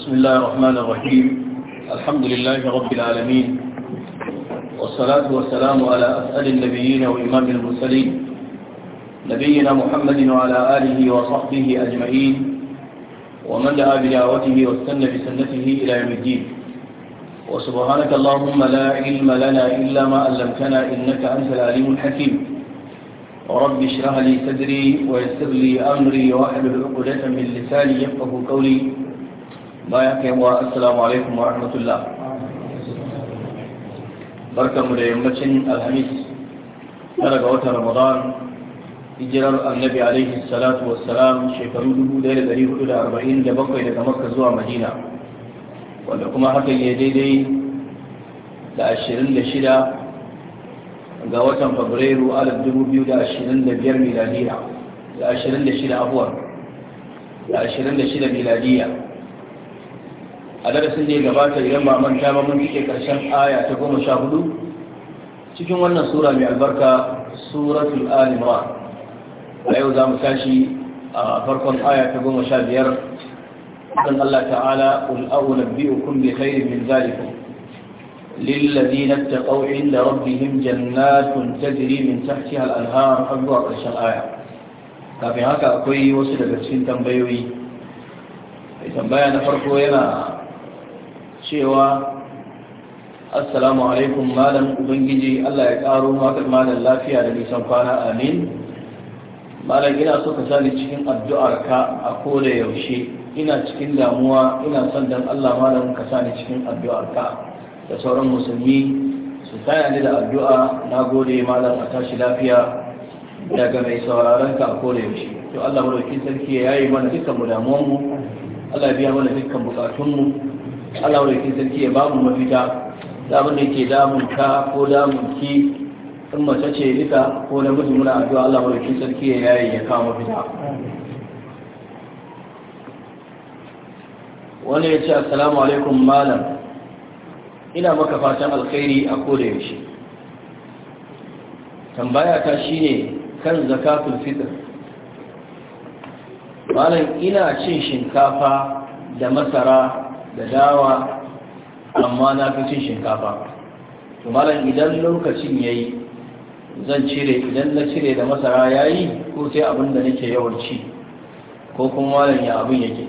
بسم الله الرحمن الرحيم الحمد لله رب العالمين والصلاة والسلام على أسأل النبيين وإمام المرسلين نبينا محمد وعلى آله وصحبه أجمعين ومن دعا بدعوته واستنى بسنته إلى يوم الدين وسبحانك اللهم لا علم لنا إلا ما علمتنا إنك أنت العليم الحكيم ورب اشرح لي صدري ويسر لي أمري واحلل عقدة من لساني يفقه قولي bayan kai wa assalamu alaikum wa rahmatullah barkanmu da yammacin alhamis tara ga watan ramadan hijirar annabi alaihi salatu wassalam shekaru 1447 daga makka zuwa madina wanda kuma hakan ya daidai da 26 ga watan fabrairu 2025 miladiya da 26 abuwa da 26 miladiya a darasin da ya gabata idan ba manta ba mun cike karshen aya ta goma sha hudu cikin wannan sura mai albarka suratul alimra a yau za mu tashi a farkon aya ta goma sha biyar kan Allah ta'ala qul a'unabbi'ukum bi khairin min zalikum للذين اتقوا عند ربهم جنات تجري من تحتها الأنهار أبوى قرشان آية كافي هكا أكوي وصل بسفين tambaya na farko yana. cewa assalamu alaikum malam ubangiji Allah ya karo maka malam lafiya da nisan kwana amin malam ina so ka sani cikin addu'arka a koda yaushe ina cikin damuwa ina son dan Allah malam ka sani cikin addu'arka da sauran musulmi su tsaya ni da addu'a na gode malam a tashi lafiya daga mai sauraron ka a koda yaushe to Allah madaukakin sarki ya yi mana dukkan mu damuwan mu Allah ya biya mana dukkan bukatun mu Allah wani sarki ya ba mu mafita damar da ke damun ka ko damun ki in mace ce ita ko namiji muna addu'a Allah wani sarki ya yi ya kawo mafita wani ya ce assalamu alaikum malam ina maka fatan alkhairi a koda yaushe tambaya ta shine kan zakatul fitr malam ina cin shinkafa da masara da dawa amma na fi cin shinkafa to malam idan lokacin ya yi, zan cire idan na cire da masara ya yi, ko sai abin da nake yawan ci ko kuma malam ya abin yake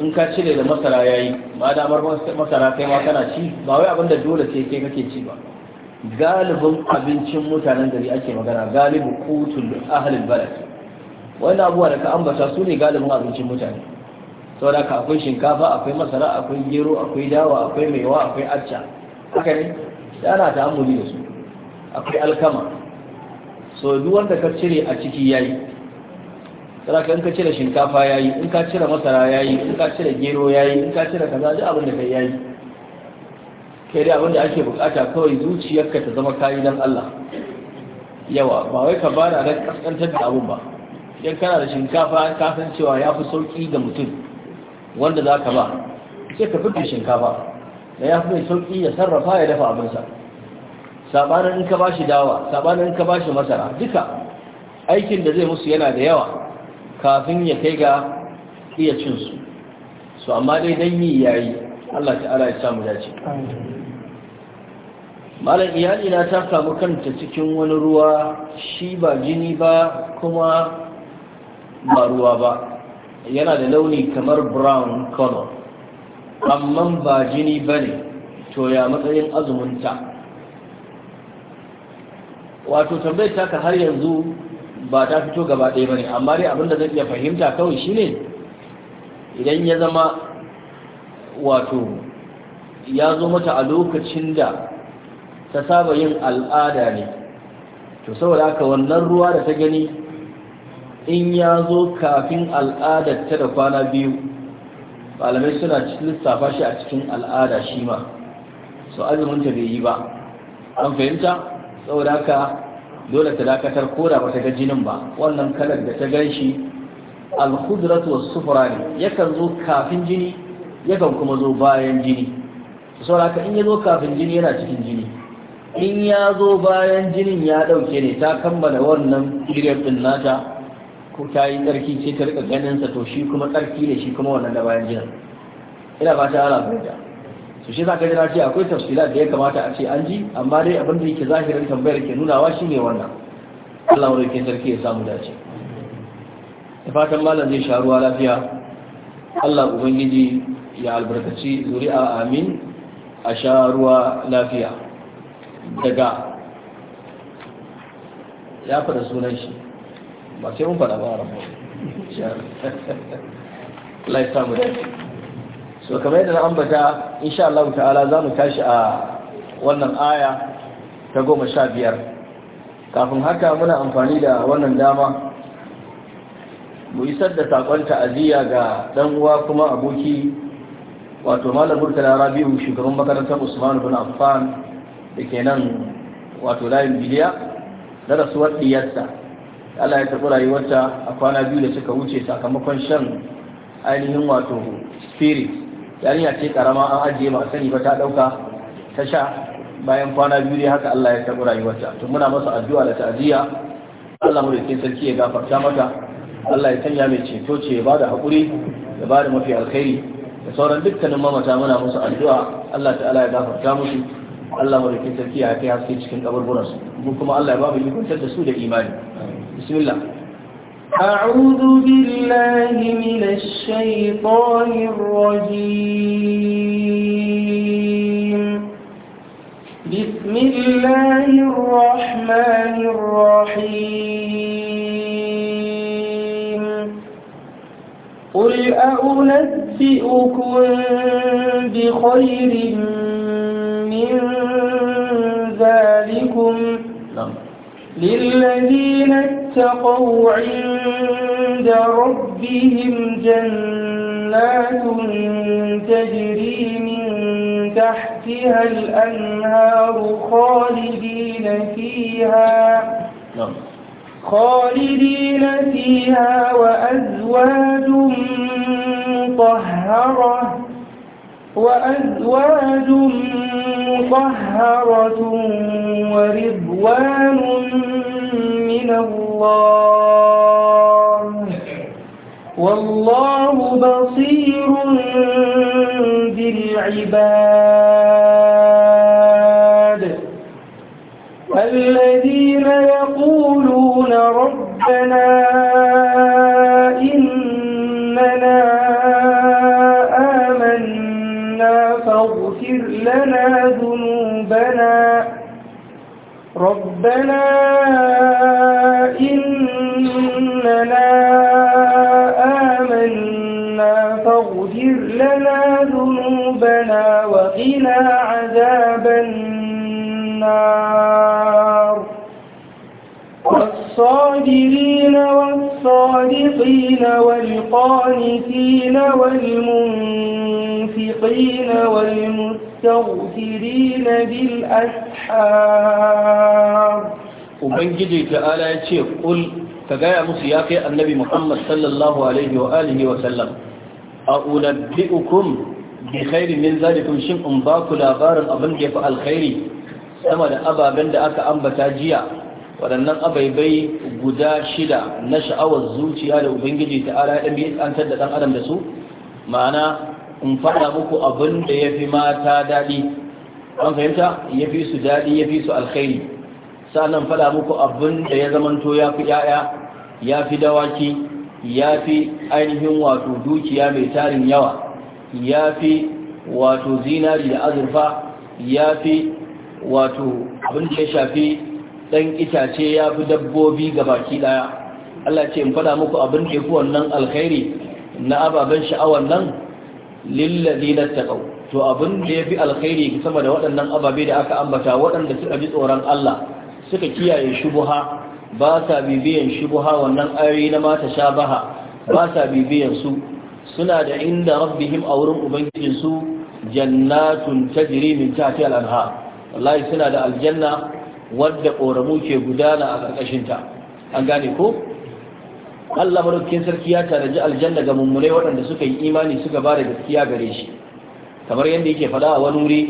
in ka cire da masara ya yi, ba damar masara kai ma kana ci ba wai abin da dole sai kai kake ci ba galibin abincin mutanen gari ake magana galibu kutul ahalin balad Wani abuwa da ka ambata su ne galibin abincin mutane saboda ka akwai shinkafa akwai masara akwai gero akwai dawa akwai maiwa akwai acca haka ne da ana ta'amuli da su akwai alkama so duk wanda ka cire a ciki yayi saboda in ka cire shinkafa yayi in ka cire masara yayi in ka cire gero yayi in ka cire kaza duk abin da kai yayi kai dai abin da ake bukata kawai zuciyarka ta zama kayi dan Allah yawa ba wai ka bada da kaskantar da abun ba idan kana da shinkafa ka san cewa ya fi sauki ga mutum wanda za ka ba sai ka fito shinkafa da ya fi mai sauƙi ya sarrafa ya dafa abinsa saɓanin in ka ba shi dawa saɓanin in ka ba shi masara duka aikin da zai musu yana da yawa kafin ya kai ga iya cinsu su amma dai don yi yayi Allah ta'ala ya samu dace malam iyali na ta samu kanta cikin wani ruwa shi ba jini ba kuma ba ruwa ba yana da launi kamar brown color amma ba jini ba ne to ya matsayin azumunta wato tambayar taka har yanzu ba ta fito gaba ɗaya ba ne amma dai abinda zai iya fahimta kawai shine idan ya zama wato ya zo mata a lokacin da ta saba yin al'ada ne to saboda haka wannan ruwa da ta gani in ya zo kafin al'adar ta da kwana biyu malamai suna lissafa shi a cikin al'ada shi ma so azumin ta bai yi ba an fahimta saboda haka dole ta dakatar ko da ta ga jinin ba wannan kalar da ta ganshi al-khudratu was-sufra ne yakan zo kafin jini yakan kuma zo bayan jini saboda ka in ya zo kafin jini yana cikin jini in ya zo bayan jinin ya dauke ne ta kammala wannan period din nata ko ta yi tsarki sai ta rika ganin to shi kuma tsarki ne shi kuma wannan da bayan jinin ina ba ta ala fahimta su shi ka jira ce akwai tafsila da ya kamata a ce an ji amma dai abin da yake zahirin tambayar ke nunawa shine wannan Allah wani ke sarki ya samu dace da fatan malam zai sha ruwa lafiya Allah ubangiji ya albarkaci zuri'a amin a sha ruwa lafiya daga ya faɗa sunan shi ba sai mun faɗa ba rafa Allah ya so kamar yadda na ambata insha Allah ta'ala za mu tashi a wannan aya ta goma sha biyar kafin haka muna amfani da wannan dama mu isar da saƙon ta'aziyya ga ɗan uwa kuma aboki wato malam Murtala Rabiu shugaban makarantar Usman bin Affan da ke nan wato layin biliya na rasuwar diyarsa Allah ya tafi rayuwarta a kwana biyu da suka wuce sakamakon shan ainihin wato spirit yarinya ce karama an ajiye ba sani ba ta dauka ta sha bayan kwana biyu dai haka Allah ya tafi rayuwarta to muna masa addu'a da ta'aziyya Allah mu da sarki ya gafarta mata Allah ya sanya mai ceto ce ya bada hakuri ya bada mafi alkhairi da sauran dukkanin mamata muna musu addu'a Allah ta'ala ya gafarta musu Allah mu da sarki ya kai haske cikin kaburburansu mu kuma Allah ya ba mu da su da imani بسم الله أعوذ بالله من الشيطان الرجيم بسم الله الرحمن الرحيم قل أنبئكم بخير من ذلكم نعم. للذين اتقوا عند ربهم جنات تجري من تحتها الأنهار خالدين فيها نعم. خالدين فيها وأزواج مطهرة وأزواج مطهرة ورضوان من الله والله بصير بالعباد الذين يقولون ربنا ربنا إننا آمنا فاغفر لنا ذنوبنا وقنا عذاب النار والصابرين والصادقين والقانتين والمنفقين والمتقين تغفرين Ubangiji ta'ala ya ce, "Kul, ka gaya musu ya kai annabi Muhammad sallallahu Alaihi wa alihi wa sallam, a unabbi ukun bi khairi shin in ba ku labarin abin da ya fi alkhairi sama da ababen da aka ambata jiya, waɗannan ababai guda shida na sha'awar zuciya da Ubangiji ta'ala ya ɗan biyu an ɗan Adam da su, ma'ana in faɗa muku abin da ya fi mata daɗi an fahimta ya fi su daɗi ya fi su alkhairi sannan faɗa muku abin da ya zamanto ya fi ‘ya'ya ya fi dawaki ya fi ainihin wato dukiya mai tarin yawa ya fi wato zinari da azurfa ya fi wato abin da ya shafi ɗan itace ya fi dabbobi ga baki ɗaya Allah ce in faɗa muku abin da ya fi wannan alkhairi na ababen sha'awar nan lillazina taqaw to abin da fi alkhairi sama da waɗannan ababe da aka ambata waɗanda suka ji tsoron Allah suka kiyaye shubuha ba sa bibiyan shubuha wannan ayoyi na mata shabaha ba sa bibiyan su suna da inda rabbihim a wurin ubangijin su jannatun tajri min tahti al-anhar wallahi suna da aljanna wadda ƙoramu ke gudana a ƙarƙashin ta an gane ko Allah madaukakin sarki ya taraji aljanna ga mummunai waɗanda suka yi imani suka ba da gaskiya gare shi kamar yadda yake faɗa a wani wuri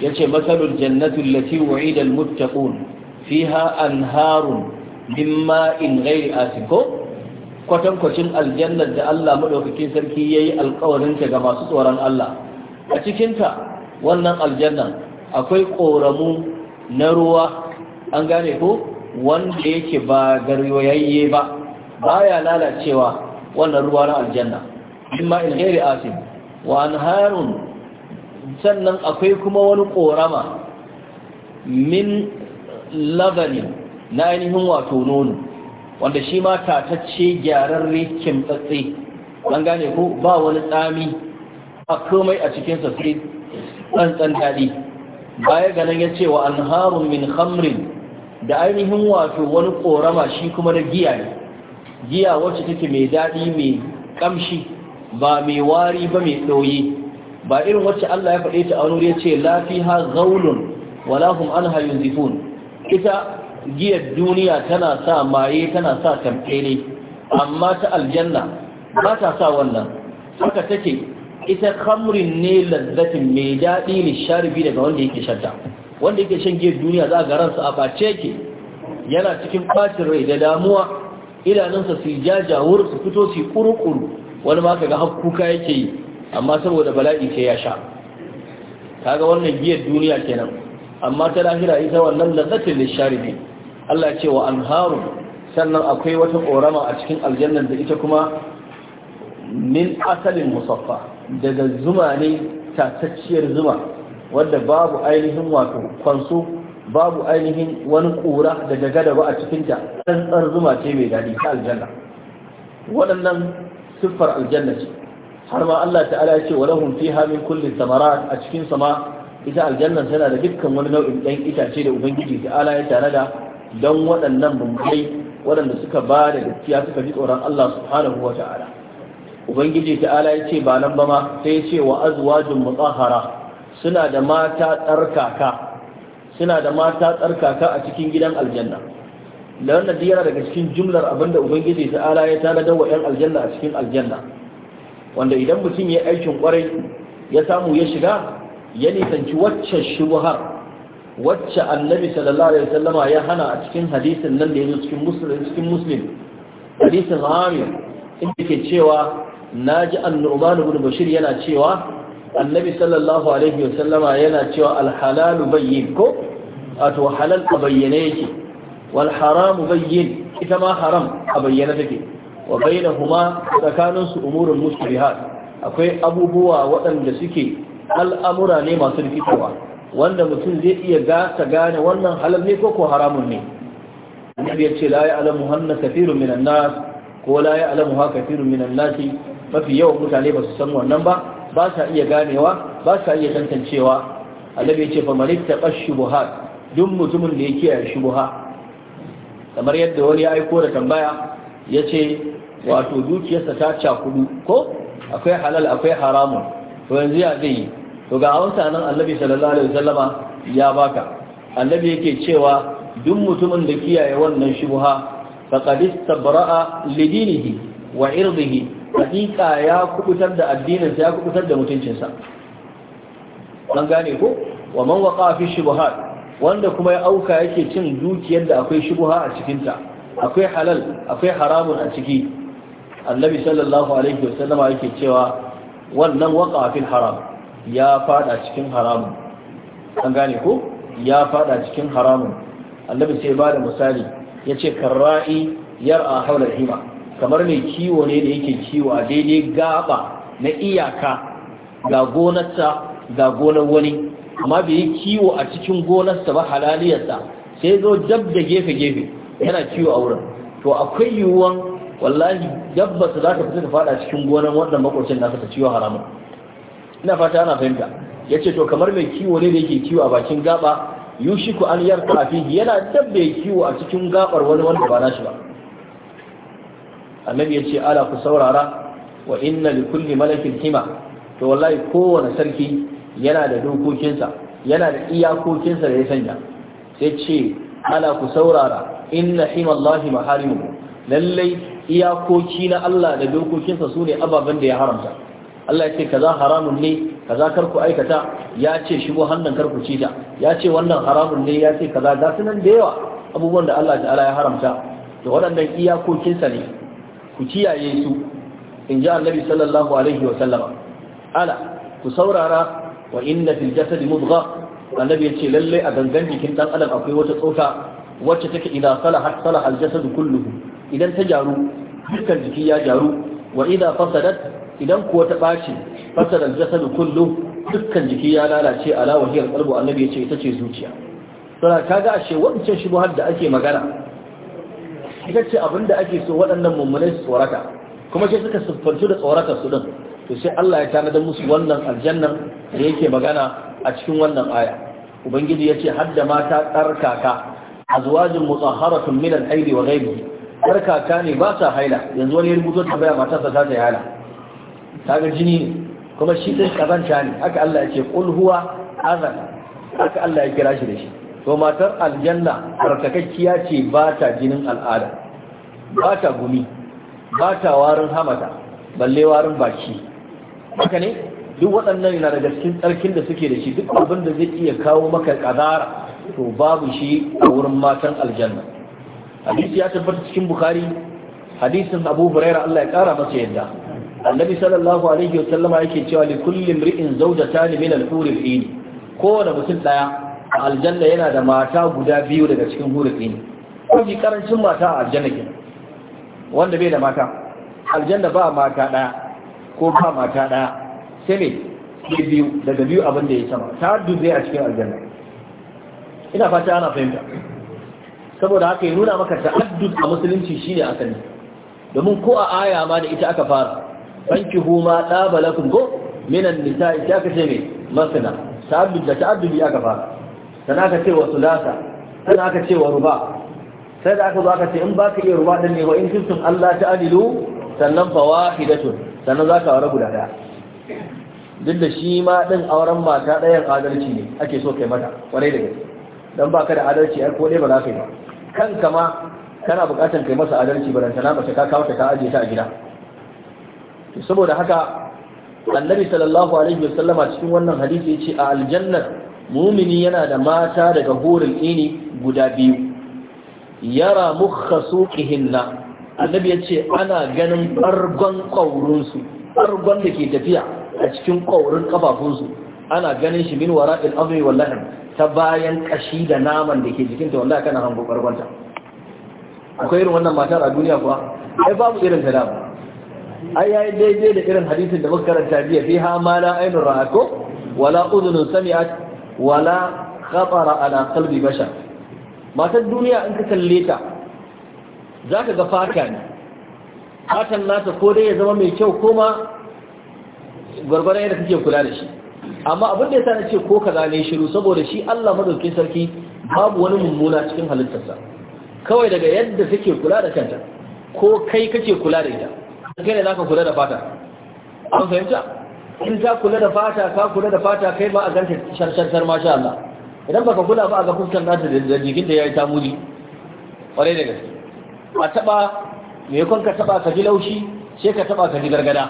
yace masalul jannatu allati wa'ida almuttaqun fiha anharun min ma'in ghairi asin ko kwatankwacin aljanna da Allah madaukakin sarki yayi alƙawarin ta ga masu tsoron Allah a cikin ta wannan aljanna akwai ƙoramu na ruwa an gane ko wanda yake ba garyoyayye ba baya lalacewa wannan ruwa na aljanna imma in ghairi asim wa anharun sannan akwai kuma wani korama min labani na ainihin wato nono wanda shi ma tatacce gyararre kimtsatse don gane ko ba wani tsami a komai a cikin sai tsantsan daɗi baya ganin ya ce wa anharun min hamrin da ainihin wato wani korama shi kuma da giya ne giya wacce take mai daɗi mai ƙamshi ba mai wari ba mai ɗoyi ba irin wacce Allah ya faɗe ta a wani ya ce lafiha gaulun walahun an anha zifun ita giyar duniya tana sa maye tana sa tamfere amma ta aljanna ba ta sa wannan haka take ita kamrin ne lazzatin mai daɗi ne biyu daga wanda yake shanta wanda yake shan giyar duniya za ga ransa a ɓace yake yana cikin ɓacin rai da damuwa idanunsa su yi jajawur su fito su yi wani ma kaga har kuka yake yi amma saboda bala'i ke ya sha kaga wannan giyar duniya kenan amma ta lahira ita wannan lazzatin lisharibi Allah ce wa anharu sannan akwai wata korama a cikin aljannan da ita kuma min asalin musaffa daga zuma ne tatacciyar zuma wadda babu ainihin wato kwanso babu ainihin wani ƙura daga gada ba a cikinta tsantsar zuma ce mai daɗi ta aljanna waɗannan siffar aljanna ce har ma Allah ta'ala ya ce wa lahum fiha min samara a cikin sama ita aljanna tana da dukkan wani nau'in ɗan itace da ubangiji ta'ala ya tare da don waɗannan mummunai waɗanda suka ba da gaskiya suka ji tsoron Allah subhanahu wa ta'ala ubangiji ta'ala ya ce ba nan ba ma sai ya ce wa azwajun mutahhara suna da mata tsarkaka suna da mata tsarkaka a cikin gidan aljanna da yana daga cikin jumlar abinda ubangiji ta ala ya tanadar wa 'yan aljanna a cikin aljanna wanda idan mutum ya aikin kwarai ya samu ya shiga ya nisanci wacce shubuhar wacce annabi sallallahu alaihi wasallama ya hana a cikin hadisin nan da yazo cikin muslim cikin muslim hadisin amir inda ke cewa naji annu'man ibn bashir yana cewa annabi sallallahu alaihi wasallama yana cewa alhalalu bayyin ko wato halal a bayyane yake wal haramu bayyin ita ma haram a bayyane take wa bainahuma tsakanin su umurul mushrihat akwai abubuwa waɗanda suke al'amura ne masu rikicewa wanda mutum zai iya gasa gane wannan halal ne ko ko haramun ne annabi ya ce la ya'lamu hanna kathirun minan nas ko la ya'lamu ha kathirun minan mafi yawan mutane ba su san wannan ba ba sa iya ganewa ba sa iya tantancewa annabi ya ce fa man ittaqa shubuhat duk mutumin da ya kiyaye shubuha kamar yadda wani ya aiko da tambaya ya ce wato dukiyarsa ta cakudu ko akwai halal akwai haramun to yanzu ya zai yi to ga hausa nan annabi sallallahu alaihi wasallama ya baka annabi yake cewa duk mutumin da kiyaye wannan shubuha faqad istabra'a lidinihi wa irdihi hakika ya kubutar da addininsa ya kubutar da mutuncinsa an gane ko wa man waqa fi shubuhat wanda kuma ya auka yake cin dukiyar da akwai shubuha a cikinta akwai halal akwai haramun a ciki annabi sallallahu alaihi wasallama yake cewa wannan waqa fil haram ya fada cikin haramun an gane ko ya fada cikin haramun annabi sai ba da misali yace ce karra'i yar'a haular hima kamar mai kiwo ne da yake kiwo a daidai gaba na iyaka ga gonarsa ga gonar wani amma bai yi kiwo a cikin gonarsa ba halaliyarsa sai zo dab da gefe-gefe yana kiwo a wurin to akwai yiwuwan wallahi dabbarsa za ta fita ta fada cikin gonar wannan makwacin nasa ta ciwo haramun ina fata ana fahimta ya ce to kamar mai kiwo ne da yake kiwo a bakin gaba yushiku an yarka a yana dabba kiwo a cikin gabar wani wanda ba nashi ba annabi ya ce ala ku saurara wa inna li kulli malakin hima to wallahi kowane sarki yana da dokokinsa yana da iyakokinsa da ya sanya sai ce ala ku saurara inna himallahi maharimu lallai iyakoki na Allah da dokokinsa su ne ababen da ya haramta Allah ya ce kaza haramun ne kaza kar ku aikata ya ce shigo hannun kar ku ci ta ya ce wannan haramun ne ya ce kaza ga sunan da yawa abubuwan da Allah ta'ala ya haramta to waɗannan iyakokinsa ne ku kiyaye su in ji annabi sallallahu alaihi wa sallama ala ku saurara wa inna fil jasadi mudgha annabi yace lalle a gangan jikin dan adam akwai wata tsoka wacce take idan salahat salaha al jasad kulluhu idan ta jaru dukkan jiki ya jaru wa idan fasadat idan kuwa ta baci fasada al jasad kulluhu dukkan jiki ya lalace ala wahiyar qalbu annabi yace ita ce zuciya sai kaga ashe wancan shubuhar da ake magana ita ce abinda ake so waɗannan mummunai su tsorata kuma sai suka siffantu da tsoratar su din to sai Allah ya tanada musu wannan aljannan da yake magana a cikin wannan aya ubangiji yace hadda mata tsarkaka azwajin mutahharatun min al-aidi wa ghayrihi kaka ne ba sa haila yanzu wani rubuto ta baya matar sa ta haila kaga jini kuma shi din kazanta ne haka Allah yace qul huwa azan haka Allah ya kira shi da shi to matar aljanna tsarkakakkiya ce ba ta jinin al'ada ba ta gumi ba ta warin hamata balle warin baki haka ne duk waɗannan yana daga cikin tsarkin da suke da shi duk abin da zai iya kawo maka kazara to babu shi a wurin matan aljanna hadisi ya tabbata cikin bukhari hadisin abu huraira Allah ya kara masa yadda annabi sallallahu alaihi wa sallama yake cewa li kulli imri'in zawjatan min al-hur al-ain kowane mutum daya a aljanna yana da mata guda biyu daga cikin hur al-ain mafi karancin mata a aljanna kenan wanda bai da mata aljanna ba mata daya ko ba mata ɗaya sai ne sai biyu daga biyu abin da ya sama ta zai a cikin aljanna ina fata ana fahimta saboda haka ya nuna maka ta'addu a musulunci shine asali domin ko a aya ma da ita aka fara banki huma ɗaba lakum go minan nisa ita aka ce mai masana Ta'addu da biyu aka fara sana aka ce wa sulasa sana aka ce wa ruba sai da aka zo aka ce in ka iya ruba da ne wa in kuntum Allah ta'dilu sannan fawahidatun sannan za ka aure guda ɗaya duk da shi ma ɗin auren mata ɗayan adalci ne ake so kai mata ƙwarai da gaske don ba ka da adalci ai ko ɗaya ba za ka yi ba kanka ma kana buƙatar kai masa adalci ba rantana mace ka kawo ta ka ajiye ta a gida saboda haka annabi sallallahu alaihi wasallama cikin wannan hadisi ya ce a aljannat mumini yana da mata daga horin ini guda biyu yara mukhasuqihinna annabi ya ce ana ganin ɓargon ƙaurinsu ɓargon da ke tafiya a cikin ƙaurin ƙafafunsu ana ganin shi min wara il azumi wallahin ta bayan ƙashi da naman da ke jikinta wallahi kana hango ɓargonta akwai irin wannan matar a duniya kuwa ai babu irin ta dama ai yayi daidai da irin hadisin da muka karanta jiya fi ha ma la ainun ra'ako wala udhunun sami'at wala khatara ala qalbi bashar matar duniya in ka kalle ta za ka ga fata ne fatan nata ko dai ya zama mai kyau koma gwargwaron yadda kake kula da shi amma abin da ya sa na ce ko ka gane shiru saboda shi Allah madaukin sarki babu wani mummuna cikin halittarsa kawai daga yadda take kula da kanta ko kai kake kula da ita kai ne zaka kula da fata an fahimta in ta kula da fata ka kula da fata kai ba a ganta sharshar masha Allah idan baka kula ba a ga fuskan nata da jikin da yayi tamuri kwarai da gaske a taba mai kwan ka taba ka ji laushi sai ka taba ka ji gargada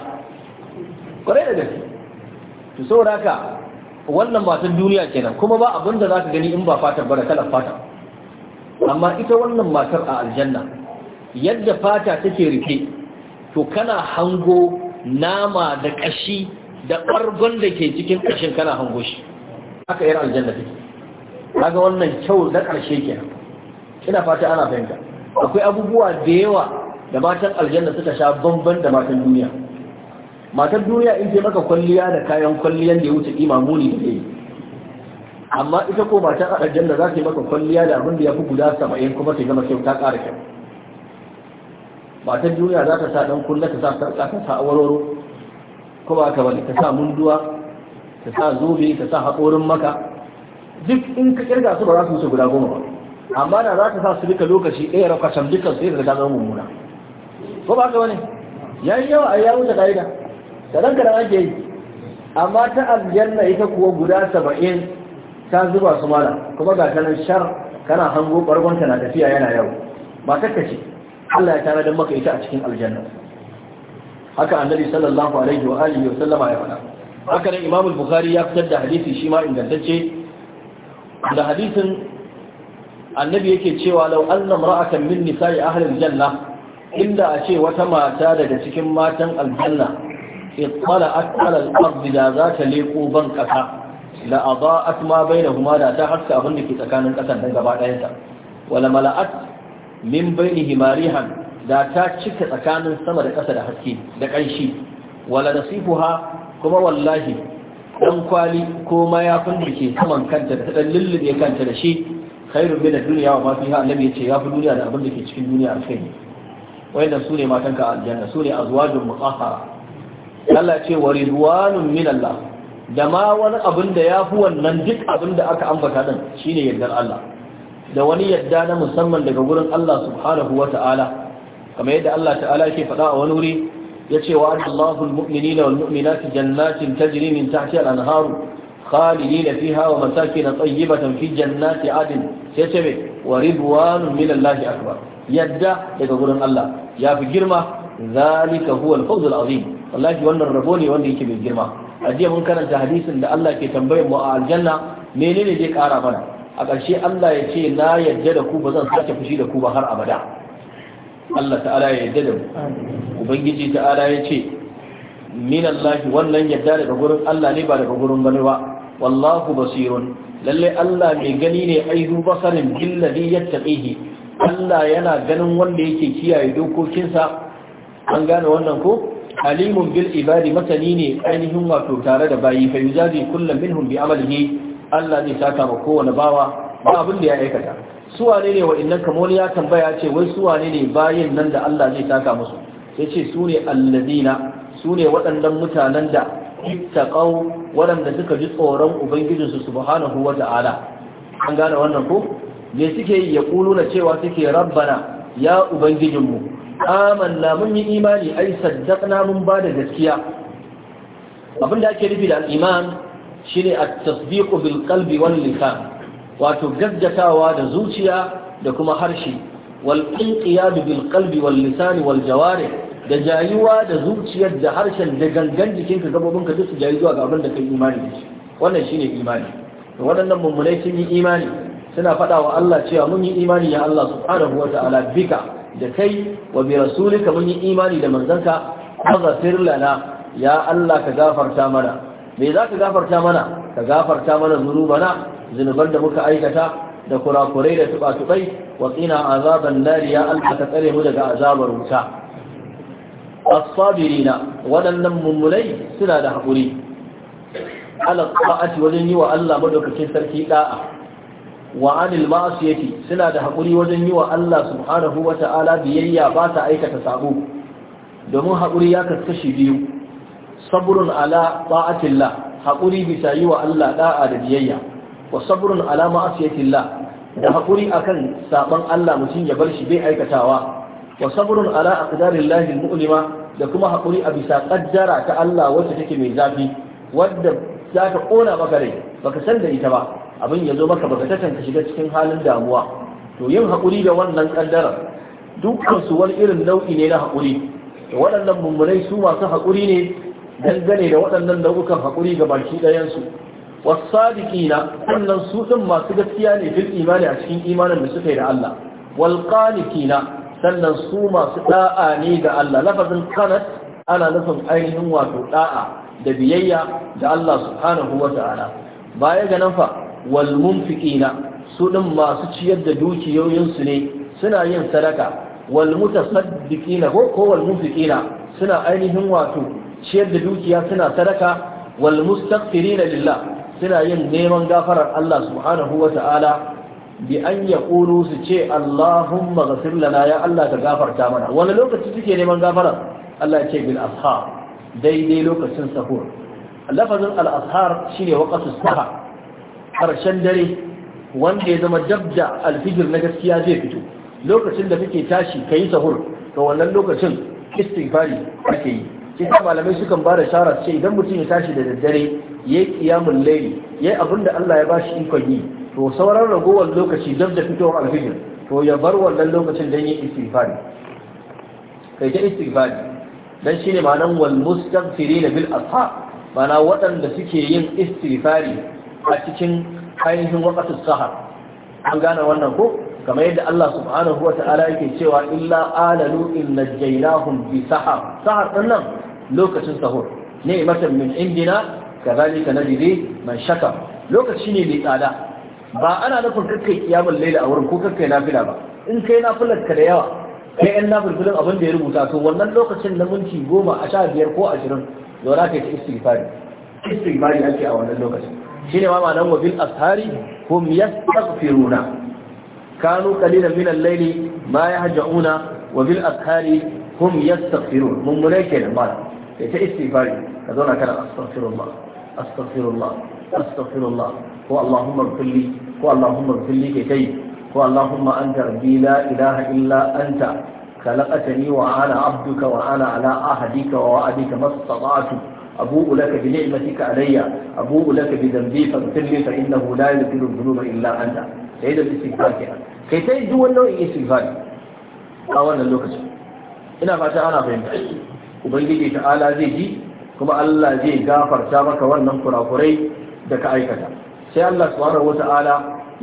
kwarai da gaske to saboda haka wannan matan duniya kenan kuma ba abin da za ka gani in ba fatar ba da fata amma ita wannan matar a aljanna yadda fata take rike to kana hango nama da ƙashi da ɓargon da ke cikin ƙashin kana hango shi haka yar aljanna take kaga wannan kyau na ƙarshe kenan ina fata ana fahimta akwai abubuwa da yawa da matan aljanna suka sha bamban da matan duniya matan duniya in ce maka kwalliya da kayan kwalliyan da ya wuce imamuni da ke amma ita ko matan aljanna za ta yi maka kwalliya da abin da ya fi guda saba'in kuma ta gama kyau ta ƙara kyau matan duniya za ta sa ɗan kulla ta sa sarƙa ta sa ko kuma ka bane ta sa munduwa ta sa zobe ta sa haƙorin maka duk in ka ƙirga su ba za su wuce guda goma ba amma da za ka sa su duka lokaci ɗaya rakwasan dukkan sai da zama mummuna ko ba ka wani ya yi yawa a ya da ƙa'ida da ɗan da ake yi amma ta aljanna ita kuwa guda saba'in ta zuba su mala kuma ga tanar shar kana hango ɓargonta na tafiya yana yau ba ta ce Allah ya tana don maka ita a cikin aljanna haka annabi sallallahu alaihi wa alihi wa sallama ya faɗa haka nan imam bukhari ya fitar da hadisi shi ma ingantacce da hadisin annabi yake cewa law anna ra'atan min nisa'i ahli aljanna inda a ce wata mata daga cikin matan aljanna ittala'at ala al-ard da za ta leko ban kasa la adaa'at ma bainahuma da ta haska abin da ke tsakanin kasan dan gaba ɗayan ta wala mala'at min bainihima rihan da ta cika tsakanin sama da kasa da haske da kanshi wala nasifuha kuma wallahi dan kwali ko mayafin da ke saman kanta da ta dan lullube kanta da shi khairun min ad-dunya wa ma fiha annabi yace ya fi duniya da abin da ke cikin duniya alkhairi wayannan sune matan ka aljanna sune azwajun muqassara Allah ce wa ridwanun min Allah da ma wani abin da ya fi wannan duk abin da aka ambata din shine yardar Allah da wani yadda na musamman daga gurin Allah subhanahu wa ta'ala kamar yadda Allah ta'ala yake faɗa a wani wuri yace wa Allahu al-mu'minina wal mu'minati jannatin tajri min tahtiha al-anharu خالدين فيها ومساكن طيبة في جنات عدن سيسمي ورضوان من الله أكبر يدى يقولون الله يا في جرمة ذلك هو الفوز العظيم والله وانا الربوني وانا يكي بالجرمة أديه من كان تحديث أن الله كي تنبيه مع الجنة منين يجيك آرى منا أقل شيء الله يشي لا يجد كوبا زن ساكي فشيد كوبا هر أبدا الله تعالى يجدهم وبنجي تعالى يشي min Allah wannan yadda daga gurin Allah ne ba daga gurin bane ba wallahu basirun lalle Allah mai gani ne aihu basarin billadhi yattaqihi Allah yana ganin wanda yake kiyaye dokokinsa an gane wannan ko alimun bil ibadi matani ne ainihin wato tare da bayi fa yuzazi kullum minhum bi amalihi Allah zai saka ma kowane bawa ba abin da ya aikata su wane ne wa'annan kamar ya tambaya ce wai su wane ne bayin nan da Allah zai saka musu sai ce su ne alladina su ne waɗannan mutanen da ittaqaw waɗanda suka ji tsoron ubangijinsu subhanahu wa ta'ala an gane wannan ko me suke yi ya ƙuluna cewa suke rabbana ya ubangijinmu amanna mun yi imani ai saddaqna mun ba da gaskiya abinda ake nufi da iman shine at-tasdiqu bil qalbi wal lisan wato gaggatawa da zuciya da kuma harshe wal inqiyad bil qalbi wal lisan wal jawarih da jayuwa da zuciyar da harshen da gangan jikinka gabobinka duk su jayi zuwa ga abin da kai imani da shi wannan shine imani to waɗannan mummunai sun yi imani suna faɗa wa Allah cewa mun yi imani ya Allah subhanahu wa ta'ala bika da kai wa bi rasulika mun yi imani da manzanka aghfir lana ya Allah ka gafarta mana me za ka gafarta mana ka gafarta mana zunubana Zunubar da muka aikata da kurakurai da tuba-tubai wa tsina azaban nari ya Allah ka tsare mu daga azabar wuta Asfabirina waɗannan mummulai suna da haƙuri ala wajen yi wa Allah madaukakin sarki ɗa'a. wa anil ma'asiyati suna da haƙuri wajen yi wa Allah subhanahu wata'ala biyayya ba ta aikata sabo domin haƙuri ya kaskashi biyu sabrun ala ta'atillah haƙuri bisa yi wa Allah ɗa'a da biyayya wa sabrun ala ma'asiyatillah da haƙuri akan saban Allah mutum ya bar shi bai aikatawa wa sabrun ala aqdarillahi mu'ulima da kuma haƙuri a bisa kaddara ta Allah wacce take mai zafi wadda za ta kona maka rai baka san da ita ba abin ya zo maka baka tantance shiga cikin halin damuwa to yin hakuri da wannan kaddara dukkan su wani irin nau'i ne na hakuri to waɗannan mummunai su masu haƙuri ne dangane da waɗannan nau'ukan hakuri ga baki ɗayan su wasadikina sannan su ɗin masu gaskiya ne fil imani a cikin imanin da suka yi da Allah walqanikina sannan su masu da'a ne ga Allah lafazin kanat ana nufin ainihin wato da'a da biyayya da Allah subhanahu wa ta'ala baya ga nan fa wal munfiqina su din masu ciyar da dukiyoyinsu ne suna yin sadaka wal mutasaddiqina ko ko wal munfiqina suna ainihin wato ciyar da dukiya suna sadaka wal mustaghfirina lillah suna yin neman gafarar Allah subhanahu wa ta'ala bi an yaqulu su ce Allahumma ghfir lana ya Allah ka gafarta mana wani lokaci suke neman gafara Allah ce bil ashar daidai lokacin sahur lafazin al ashar shine waqtu sahar karshen dare wanda ya zama dabda alfijir na gaskiya zai fito lokacin da kake tashi yi sahur ga wannan lokacin istighfari kake yi ta malamai sukan ba da shara ce idan mutum ya tashi da daddare yayi qiyamul layli yayi abinda Allah ya bashi ikon yi to sauran ragowar lokaci dab da fitowar alfijir to ya bar wannan lokacin don yin istighfari kai ta istighfari dan shine ma'anan wal mustaghfirin bil asha bana waɗanda suke yin istighfari a cikin ainihin waqtus sahar an gane wannan ko kamar yadda Allah subhanahu wa ta'ala yake cewa illa alalu in najaynahum bi sahar sahar din nan lokacin sahur ne matan min indina kazalika najzi man shaka. lokaci ne mai tsada ba ana nufin kakkai kiyamun laila a wurin ko na nafila ba in kai nafilar ka da yawa kai yan nafilfilin abin da ya rubuta to wannan lokacin na minti goma a sha biyar ko ashirin zaura kai ta istighfari istighfari ake a wannan lokacin shine ma ma ma'anar wa bil ashari hum yastaghfiruna kanu qalilan min al-layli ma yahja'una wa bil ashari hum yastaghfirun mun mulai kenan ba. ma ta istighfari ka zauna kana astaghfirullah astaghfirullah astaghfirullah ko Allahumma kulli ko Allahumma kulli ke kai ko Allahumma anta rabbi la ilaha illa anta خلقتني وأنا عبدك وأنا على عهدك ووعدك ما استطعت أبوء لك بنعمتك علي أبوء لك بذنبي فاغفر لي فإنه لا يغفر الذنوب إلا أنت سيد الاستغفار كده كي تجد دول نوع الاستغفار أولا لوكس ina fata ana fahimta ubangiji ta'ala zai ji kuma Allah zai gafarta maka wannan kurakurai da ka aikata sai Allah subhanahu wata'ala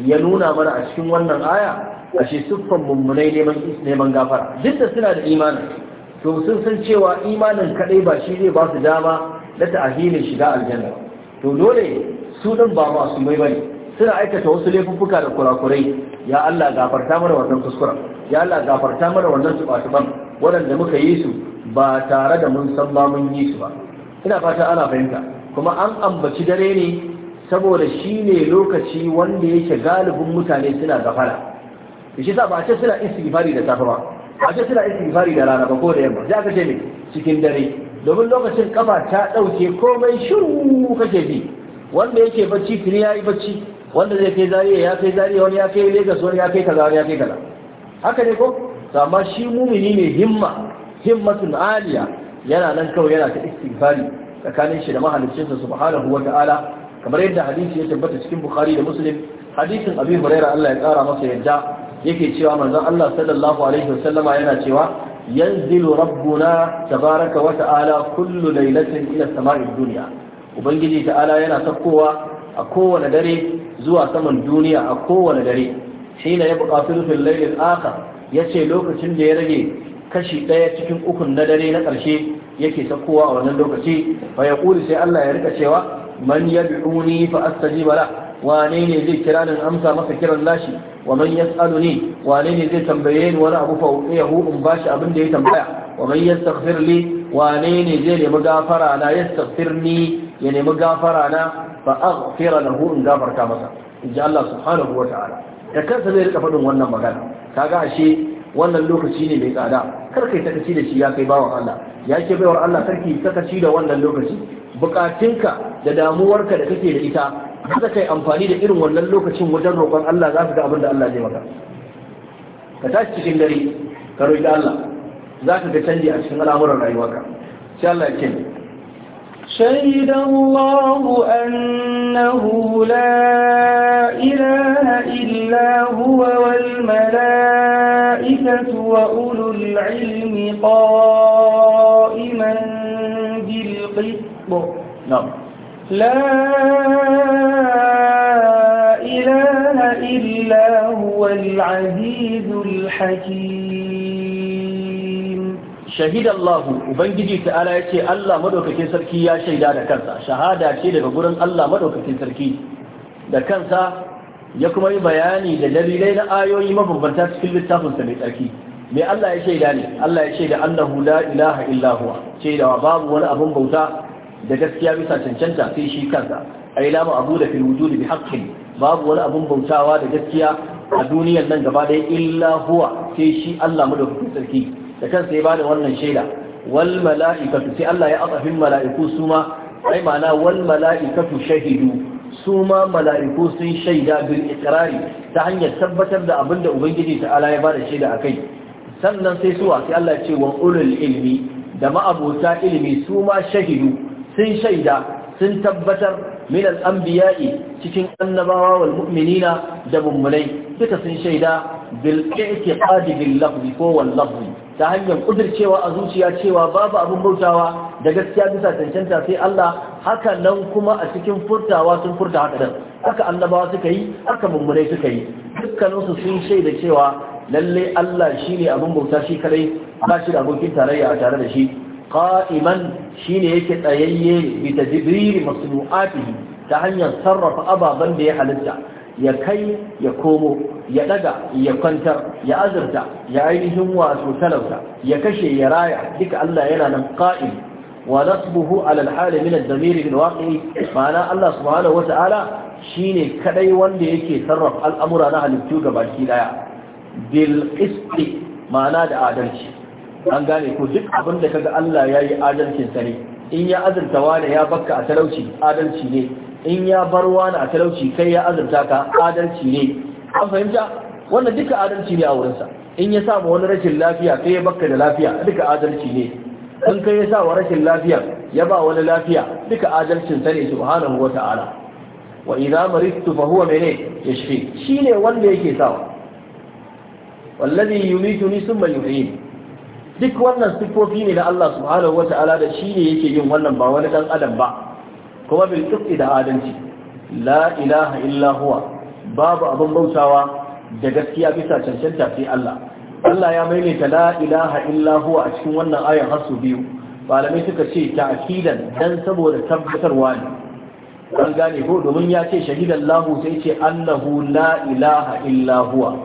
ya nuna mana a cikin wannan aya ashe siffan mummunai neman neman gafara duk suna da imani to sun san cewa imanin kadai ba shi zai ba su dama na ta'ahilin shiga aljanna to dole su dan ba su mai bane suna aikata wasu laifuffuka da kurakurai ya Allah gafarta mana wannan kuskura ya Allah gafarta mana wannan ban waɗanda muka yi su ba tare da mun san ba mun yi su ba ina fata ana fahimta kuma an ambaci dare ne saboda shi ne lokaci wanda yake galibin mutane suna gafara shi sa ba a ce suna istighfari da safe ba a ce suna istighfari da rana ba ko da yamma za ka ce ne cikin dare domin lokacin kafa ta dauke komai shiru kake bi wanda yake bacci tuni yayi bacci wanda zai kai zariya ya kai zariya wani ya kai Legas wani ya kai kaza wani ya kai kaza haka ne ko amma shi mumini ne himma himmatun aliya yana nan kawai yana ta istighfari tsakanin shi da mahaliccinsa subhanahu wa ta'ala kamar yadda hadisi ya tabbata cikin bukhari da muslim hadisin abi huraira Allah ya kara masa yadda yake cewa manzon Allah sallallahu alaihi wasallama yana cewa yanzilu rabbuna tabaraka wa ta'ala kullu lailatin ila sama'id dunya ubangiji ta'ala yana sakkowa a kowane dare zuwa saman duniya a kowane dare ne ya buƙatu fil lailil akhir yace lokacin da ya rage kashi ɗaya cikin ukun na dare na ƙarshe yake sakkowa a wannan lokaci fa ya sai Allah ya rika cewa man yad'uni fa astajiba la wane zai kira ni amsa masa kiran lashi wa man yas'aluni wane ne zai tambaye ni wani abu fa yahu bashi abin da ya tambaya wa man yastaghfir li wane zai nemi gafara na yastaghfirni ya nemi gafara na fa aghfira lahu in gafarta masa inji Allah subhanahu wa ta'ala da kansa zai rika faɗin wannan magana kaga ashe wannan lokaci ne mai tsada kar kai sakaci da shi ya kai bawan Allah ya ke baiwar Allah sarki sakaci da wannan lokaci bukatunka da damuwarka da kake da ita za ka yi amfani da irin wannan lokacin wajen roƙon Allah za ka ga abin da Allah zai maka ka tashi cikin dare ka roƙi Allah za ka ga canji a cikin al'amuran rayuwarka sai Allah ya ce شهد الله أنه لا إله إلا هو والملائكة وأولو العلم قال لا إله إلا هو العزيز الحكيم شهد الله وبنجي تعالى يتي الله مدوكتين سركي يا da kansa shahada ce daga gurin Allah madaukakin sarki da kansa ya kuma yi bayani da dalilai na ayoyi mabambanta cikin littafinsa mai tsarki Me Allah ya shaida ne Allah ya shaida annahu la ilaha illa huwa cewa babu wani abun bauta da gaskiya bisa cancanta sai shi kansa ai lamu abu da fil wujudi bi haqqin babu wani abun bautawa da gaskiya a duniyar nan gaba da illa huwa sai shi Allah madaukakin sarki da kansa ya bada wannan shaida wal mala'ikatu sai Allah ya azafin mala'iku suma, ma ai ma'ana wal mala'ikatu shahidu mala'iku sun shaida bil iqrari ta hanyar tabbatar da abin da ubangiji ta'ala ya bada shaida akai sannan sai suwa sai Allah ya ce wa ulul ilmi da ma'abota ilimi suma shahidu sun shaida sun tabbatar min al-anbiya'i cikin annabawa wal mu'minina da mummunai duka sun shaida bil i'tiqadi bil lafzi ko wal lafzi ta hanyar ƙudircewa a zuciya cewa babu abin bautawa da gaskiya bisa cancanta sai Allah haka nan kuma a cikin furtawa sun furta haka nan. haka annabawa suka yi haka mummunai suka yi dukkaninsu sun shaida cewa lallai Allah shine abin bauta shi kadai ba shi da abokin tarayya a tare da shi qa'iman shine yake tsayayye bi tadbiri masnu'atihi ta hanyar sarrafa ababen da ya halitta ya kai ya komo ya daga ya kwantar ya azurta ya ainihin wato talauta ya kashe ya raya duka Allah yana nan qa'im wa nasbuhu ala al min ad-damir bil ma'ana Allah subhanahu wa ta'ala shine kadai wanda yake sarrafa al'amura na halittu gabaki daya bil qisti ma'ana da adalci an gane ko duk abin da kaga Allah ya yi adalcin sa ne in ya azurta wani ya bakka a talauci adalci ne in ya bar wani a talauci kai ya azurta ka adalci ne an fahimta wannan duka adalci ne a wurinsa in ya samu wani rashin lafiya kai ya bakka da lafiya duka adalci ne in kai ya sa wa rashin lafiya ya ba wani lafiya duka adalcin sa ne subhanahu wata'ala wa idza maridtu fa huwa mene yashfi shine wanda yake sawa wallazi yumituni thumma yuhyini duk wannan sifofi ne na Allah subhanahu ta'ala da shi ne yake yin wannan ba wani dan adam ba kuma bil qisti da adalci la ilaha illa huwa babu abin bautawa da gaskiya bisa cancanta sai Allah Allah ya maimaita la ilaha illa huwa a cikin wannan ayar hasu biyu malamai suka ce ta'kidan dan saboda tabbatarwa ne an gane ko domin ya ce shahidan lahu sai ce annahu la ilaha illa huwa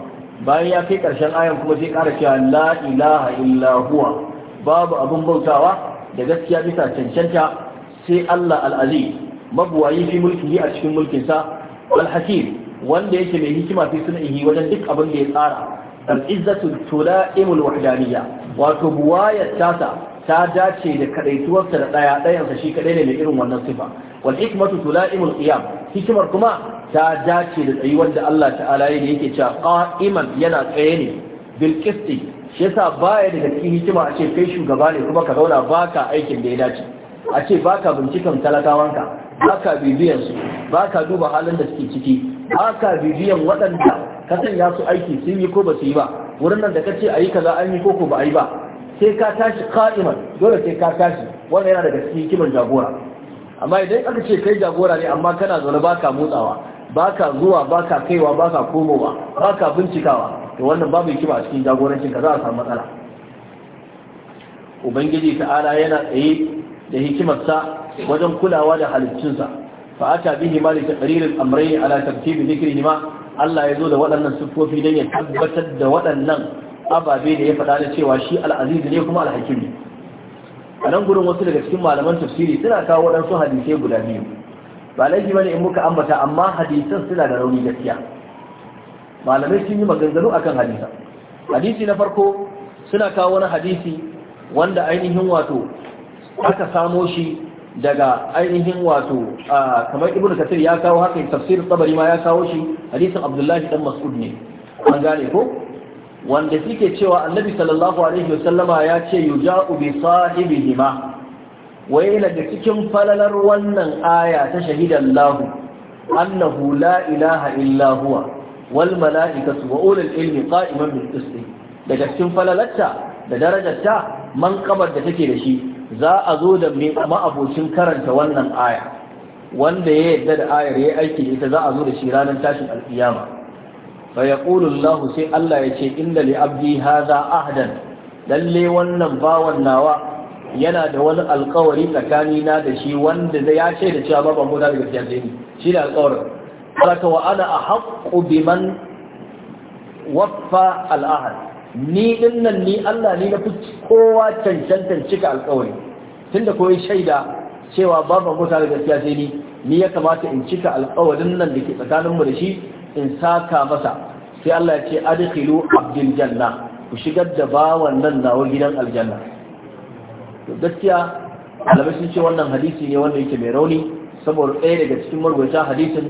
bayan ya kai ƙarshen ayan kuma sai ƙara cewa la ilaha illa huwa babu abin bautawa da gaskiya bisa cancanta sai Allah al-aziz mabuwayi fi mulkihi a cikin mulkin sa al-hakim wanda yake mai hikima fi ihi wajen duk abin da ya tsara al-izzatu tula'imul wahdaniyya wato buwayar tasa ta dace da kadaituwarsa da daya dayansa shi kadai ne mai irin wannan sifa wal hikmatu tulaimul qiyam hikimar kuma ta dace da tsayuwar da Allah ta'ala yake yake cewa qa'iman yana tsaye ne bil qisti shi yasa baya da cikin hikima a ce kai shugaba ne kuma ka zauna baka aikin da ya dace a ce baka bincikan talakawanka baka bibiyan su baka duba halin da suke ciki baka bibiyan waɗanda kasan ya su aiki sun yi ko ba su yi ba wurin nan da kace ayi kaza an yi ko ko ba ayi ba sai ka tashi ka'iman dole sai ka tashi wanda yana daga cikin hikimar jagora amma idan aka ce kai jagora ne amma kana zaune baka motsawa baka zuwa baka kaiwa baka komowa baka bincikawa to wannan babu hikima a cikin jagorancin ka za a samu matsala ubangiji ta'ala yana tsaye da hikimarsa wajen kulawa da halittunsa fa aka bihi ma li taqriril amrayn ala tartibi dhikrihima Allah ya zo da waɗannan siffofi don ya tabbatar da waɗannan ababe da ya faɗa da cewa shi al'aziz ne kuma alhakim ne a nan gurin wasu daga cikin malaman tafsiri suna kawo waɗansu hadisai guda biyu ba laifi ne in muka ambata amma hadisan suna da rauni gaskiya malamai sun yi maganganu kan hadisa hadisi na farko suna kawo wani hadisi wanda ainihin wato aka samo shi daga ainihin wato kamar ibnu Katir ya kawo haka tafsir tabari ma ya kawo shi hadisin abdullahi dan mas'ud ne an gane ko wanda suke cewa annabi sallallahu alaihi wasallama ya ce yuja'u bi sahibihima wai daga cikin falalar wannan aya ta shahidan lahu annahu la ilaha illa huwa wal mala'ikatu wa ulul ilmi qa'iman bil qist daga cikin falalarta da darajarta man kabar da take da shi za a zo da mai ma'abocin karanta wannan aya wanda ya yarda da ayar ya aiki da ita za a zo da shi ranar tashin alkiyama fa yaqulu Allah sai Allah ya ce inda li abdi hadha ahdan lalle wannan bawan nawa yana da wani alkawari tsakani da shi wanda zai ya ce da cewa baban mu da gaskiya zai shi da alkawarin alaka wa ana ahqqu biman waffa al'ahad ni dinnan ni Allah ne na fi kowa cancantan cika alkawari tunda koyi shaida cewa baban mu da gaskiya ni ni ya kamata in cika alkawarin nan da ke tsakanin mu da shi in saka masa sai Allah ya ce adkhilu abdil janna ku shigar da bawan nan nawa gidan aljanna to gaskiya malamai sun ce wannan hadisi ne wanda yake mai rauni saboda ɗaya daga cikin marwaya hadisin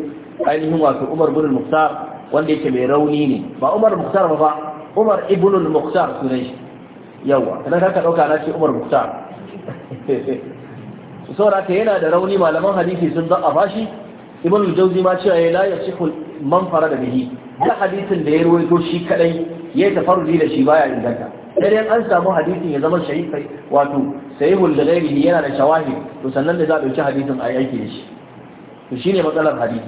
ainihin wato Umar ibn Mukhtar wanda yake mai rauni ne ba Umar Mukhtar ba Umar ibn Mukhtar sunan shi yawa kana ka dauka na ce Umar Mukhtar saboda yana da rauni malaman hadisi sun da afashi ibn al-Jawzi ma cewa la yasihu man fara da bihi da hadisin da ya ruwaito shi kadai ya tafarri da shi baya inganta sai an samu hadisin ya zama shahih wato sahihul da ghairihi yana da shawahi to sannan da za a dauki hadisin a aiki da shi to shine matsalar hadisi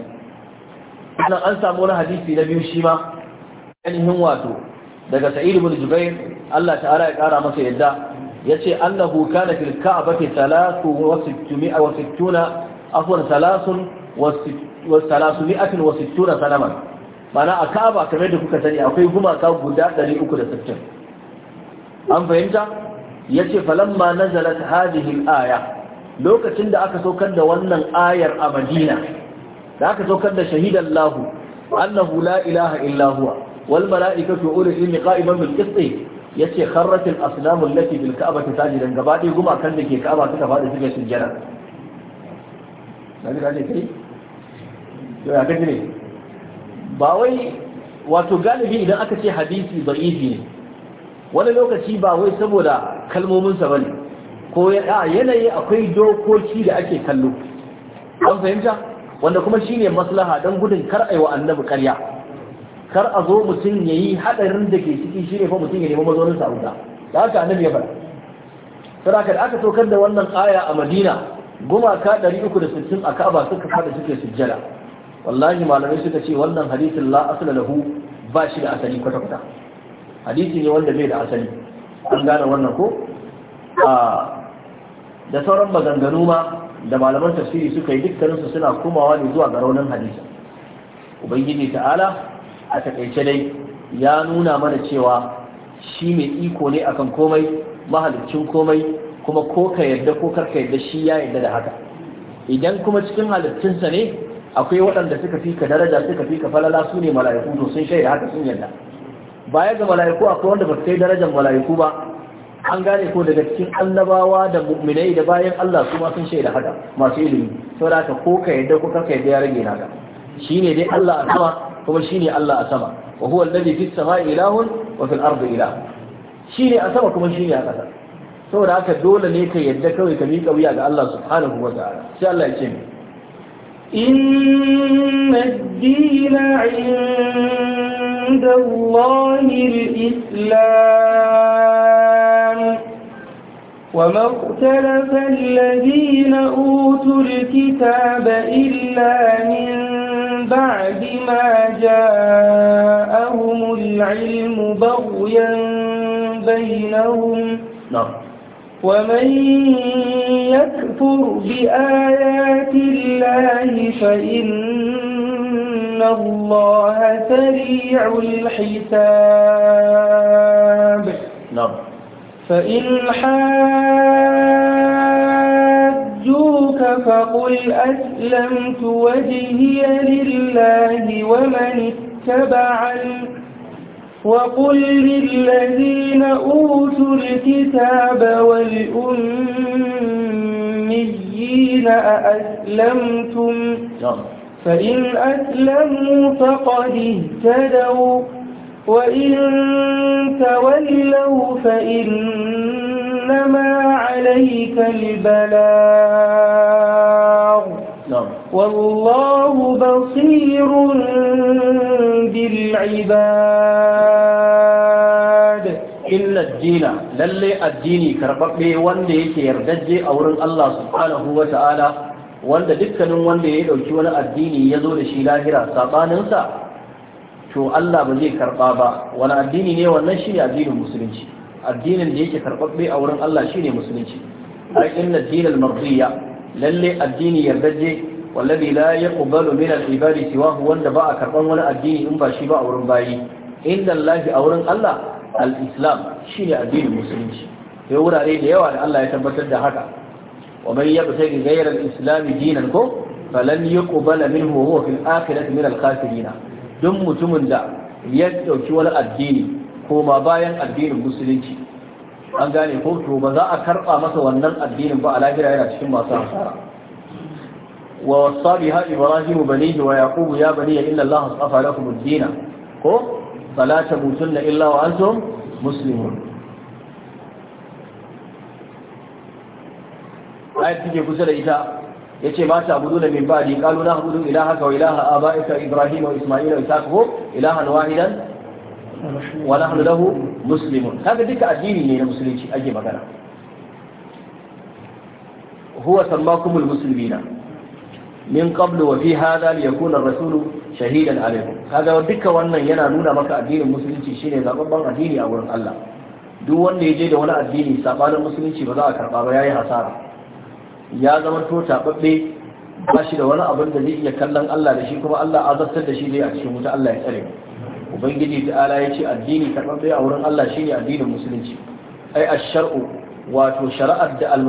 sannan an samu wani hadisi na biyu shi ma ainihin wato daga sa'id ibn jubair Allah ta'ala ya kara masa yadda yace annahu kana fil ka'bati 63 afwan talasun. wasalasumi'atin wasittuna sanaman mana a kaba kamar da kuka sani akwai gumaka guda 360 an fahimta yace falamma nazalat zalat al-aya lokacin da aka saukar da wannan ayar a Madina da aka saukar da shahidan lahu annahu la ilaha illa huwa wal mala'ikatu ulul ilmi qa'iman bil qist yace kharrat al-asnam allati bil ka'bati sajidan gabaɗaya gumakan da ke ka'aba suka faɗi suke sujjada Nabi da ne kai ba wai wato galibi idan aka ce hadisi da'ifi ne wani lokaci ba wai saboda kalmominsa ba ne ko yanayi akwai dokoki da ake kallo an fahimta wanda kuma shine maslaha don gudun kar a wa annabi karya kar a zo mutum ya yi haɗarin da ke ciki shine fa mutum ya nemi mazaunin sa'uda da haka annabi ya faɗa sarakar aka tokar da wannan aya a madina gumaka 360 a ka'aba suka fada suke sujjada wallahi malamai suka ce wannan hadisin la asala lahu ba shi da asali kwata kwata hadisi ne wanda bai da asali an gane wannan ko a da sauran maganganu ma da malaman tafsiri suka yi dukkaninsu suna komawa ne zuwa ga raunin hadisi ubangiji ta'ala a takaice dai ya nuna mana cewa shi mai iko ne akan komai mahalicin komai kuma ko ka yarda ko karka yarda shi ya yarda da haka idan kuma cikin halittunsa ne akwai waɗanda suka fi ka daraja suka fi ka falala su ne mala'iku to sun shaida haka sun yarda baya ga mala'iku akwai wanda ba su kai darajar mala'iku ba an gane ko daga cikin annabawa da mu'minai da bayan Allah su ma sun shaida haka masu ilimi da haka ko ka yadda ko ka yadda ya rage Shi shine dai Allah a sama kuma shine Allah a sama wa huwa alladhi fi sama'i ilahun wa fil ardi ilah shine a sama kuma shine a ƙasa saboda haka dole ne ka yadda kawai ka miƙa wuya ga Allah subhanahu wa ta'ala sai Allah ya ce إن الدين عند الله الإسلام وما اختلف الذين أوتوا الكتاب إلا من بعد ما جاءهم العلم بغيا بينهم نعم ومن يكفر بآيات الله فإن الله سريع الحساب نعم فإن حاجوك فقل أسلمت وجهي لله ومن اتبعني وقل للذين أوتوا الكتاب والأميين أأسلمتم نعم. فإن أسلموا فقد اهتدوا وإن تولوا فإنما عليك البلاغ والله بصير بالعباد إلا الدين للي الدين كربقي وانده يردجي أورن الله سبحانه وتعالى wanda dukkanin wanda ya dauki wani addini ya zo da shi lahira sabaninsa to Allah ba zai karba ba wani addini ne wannan shi ne addinin musulunci addinin da yake karɓaɓɓe a wurin Allah shi ne musulunci a inna dinal marziya lalle addini yardaje wallabi la yaqbalu min al'ibadi ibadi wanda ba a karɓar wani addini in ba shi ba a wurin bayi inda lafi a wurin Allah Al'islam shi ne addinin musulunci sai wurare da yawa da Allah ya tabbatar da haka wa man yabtaghi ghayra al-islam dinan ko falan yuqbala minhu wa huwa fil akhirati min al-khasirin duk mutumin da ya ɗauki wani addini ko ma bayan addinin musulunci an gane ko to ba za a karba masa wannan addinin ba a lahira yana cikin masu hasara wa wasa biha ibrahim banihi wa yaqub ya bani illa allah asafa lakum ad-din ko fala tamutunna illa wa antum muslimun ayat take kusa da ita yace ba ta budu da min ba'di qalu na budu ilaha ka wa ilaha abaika ibrahim wa isma'ila wa isaaqa ilahan wahidan wa nahnu lahu muslimun kaga duka addini ne na musulunci ake magana huwa sammakumul muslimina min qablu wa fi hadha liyakuna ar-rasulu shahidan alaikum kaga duka wannan yana nuna maka addinin musulunci shine zababban addini a wurin Allah duk wanda ya je da wani addini sabanin musulunci ba za a karba ba ya yi hasara ya zama to tababbe ba shi da wani abin da zai iya kallon Allah da shi kuma Allah azabtar da shi dai a cikin wuta Allah ya tsare ubangiji Ala ya ce addini karɓaɓɓe a wurin Allah shine addinin musulunci ai a sharu wato shari'ar da al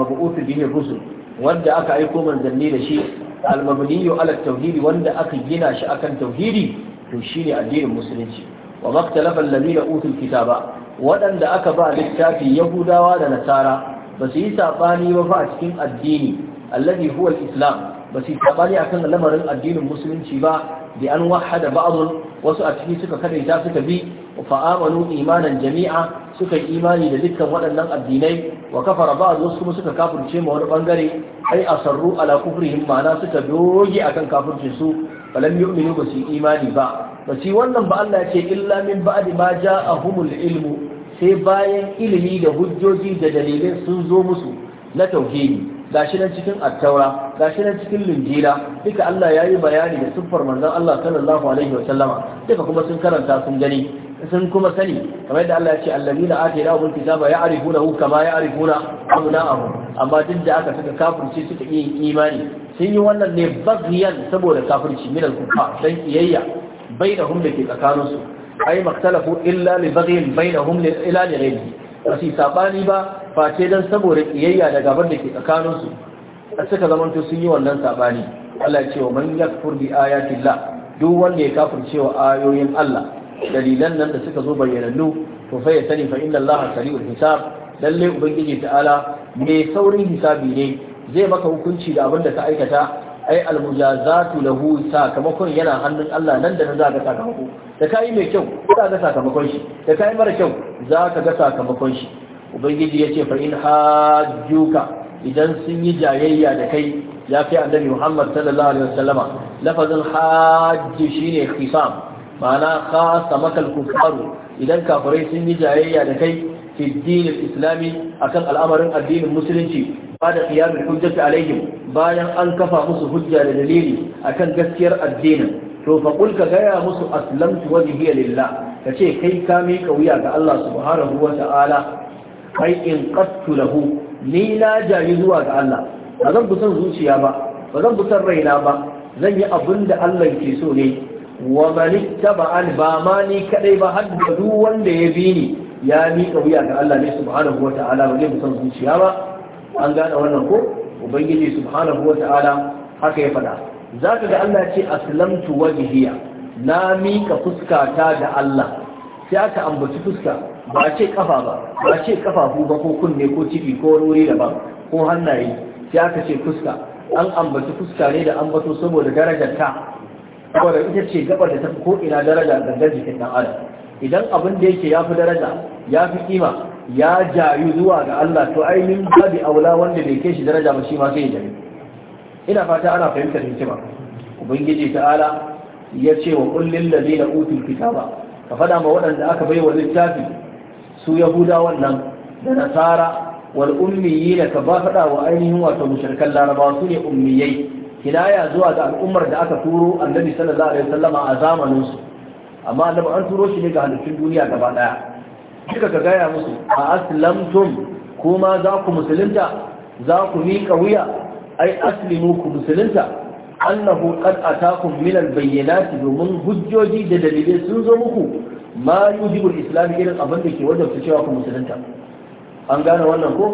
bihi rusul wanda aka aiko manzanni da shi al-mabniyyu ala tauhidi wanda aka gina shi akan tauhidi to shine addinin musulunci wa maktalafa alladhina utul kitaba waɗanda aka ba littafi yahudawa da nasara ba su yi saɓani ba fa a cikin addini alladhi huwa islam ba su yi saɓani akan lamarin addinin musulunci ba bi an wahada ba'dun wasu a ciki suka kadaita suka bi fa imanan jami'a suka yi imani da dukkan waɗannan addinai wa kafara ba'd wasu kuma suka kafirce ma wani bangare ai asarru ala kufrihim ma'ana suka doge akan kafirce su falam yu'minu ba su imani ba ba wannan ba Allah ya ce illa min ba'di ma ja'ahumul ilmu sai bayan ilimi da hujjoji da dalilai sun zo musu na tauhidi gashi nan cikin attaura gashi nan cikin linjira duka Allah ya yi bayani da siffar manzon Allah sallallahu alaihi wa sallama duka kuma sun karanta sun gani sun kuma sani kamar yadda Allah ya ce allazina atainahumul kitaba ya'rifunahu kama ya'rifuna abna'ahum amma duk da aka saka kafirci suka yi imani sun yi wannan ne bagiyan saboda kafirci min al-kufa dan kiyayya bainahum da ke tsakaninsu ai maktalafu illa li baghin bainahum ila li ghayrihi ba sabani ba face don saboda kiyayya da gabar da ke tsakaninsu a suka zamanto sun yi wannan saɓani Allah ya ce wa man yakfur bi ayatillah duk wanda ya kafirce wa ayoyin Allah dalilan nan da suka zo bayyanannu to fa ya sani fa inna Allah sari'ul hisab lalle ubangiji ta'ala mai saurin hisabi ne zai maka hukunci da abin da ka aikata ai almujazatu lahu sakamakon yana hannun Allah nan da nan za ka sakamako da kai mai kyau za ka ga sakamakon shi da kai mara kyau za ka ga sakamakon shi ubangiji ya ce farin hajjuka idan sun yi jayayya da kai ya fi annabi muhammad sallallahu alaihi wasallama lafazin hajji shine khisam ma'ana khasa makal kufaru idan kafirai sun yi jayayya da kai fi dinin islami akan al'amarin addinin musulunci ba da qiyamul hujjati alaihim bayan an kafa musu hujja da dalili akan gaskiyar addinin to fa kul ka gaya musu aslamtu wajhiya lillah kace kai ka mika wuya ga Allah subhanahu wa ta'ala Kai in qattu lahu ni na jayi zuwa ga Allah ba zan bi zuciya ba ba zan bi raina ba zan yi abin da Allah ke so ne wa man ittaba'ani ba ma ni kaɗai ba har da duk wanda ya bi ni ya miƙa wuya ga Allah ne subhanahu wa ta'ala ba zai bi zuciya ba an gane wannan ko ubangiji subhanahu wa ta'ala haka ya faɗa zaka ga Allah ce aslamtu wajhiya na miƙa fuskata da Allah sai ka ambaci fuska ba a ce kafa ba ba a ce kafafu ba ko kunne ko ciki ko ruri da daban ko hannaye sai aka ce fuska an ambaci fuska ne da ambato saboda darajar ta saboda ita ce gaba da ta ko ina daraja gangar jikin dan adam idan abin da yake ya fi daraja ya fi kima ya jayu zuwa ga Allah to ai ainihin babi aula wanda bai kai shi daraja ba shi ma sai ya ina fata ana fahimtar hikima ubangiji ta'ala ya ce wa kullin ladina utul kitaba ka faɗa ma waɗanda aka baiwa littafi su yahuda wannan da nasara wal ummiyi da ka ba faɗawa wa ainihin wato mushrikan larabawa su ne ummiyai kinaya zuwa ga al'ummar da aka turo annabi sallallahu alaihi wasallama a zamaninsu. amma annabi an turo shi ne ga halittun duniya gaba daya duka ka gaya musu a aslamtum kuma za ku musulunta za ku miƙa wuya ai aslimu ku musulunta annahu qad atakum min al-bayyinat domin hujjoji da dalilai sun zo muku ma yujibu al-islam irin abin da ke wajen cewa ku musulunta an gane wannan ko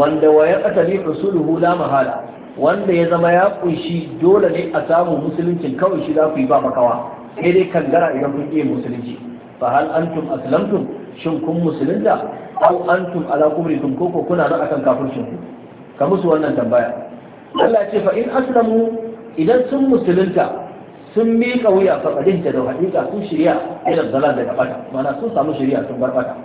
wanda wa ya qatali usuluhu la mahala wanda ya zama ya kunshi dole ne a samu musuluncin kawai shi za ku yi ba makawa sai dai kangara idan kun iya musulunci fa hal antum aslamtum shin kun musulunta aw antum ala kubrikum koko kuna nan akan kafircin ku ka musu wannan tambaya Allah ce fa in aslamu idan sun musulunta sun miƙa wuya faɗaɗin da haƙiƙa sun shirya irin zalar daga bata mana sun samu shirya sun bar bata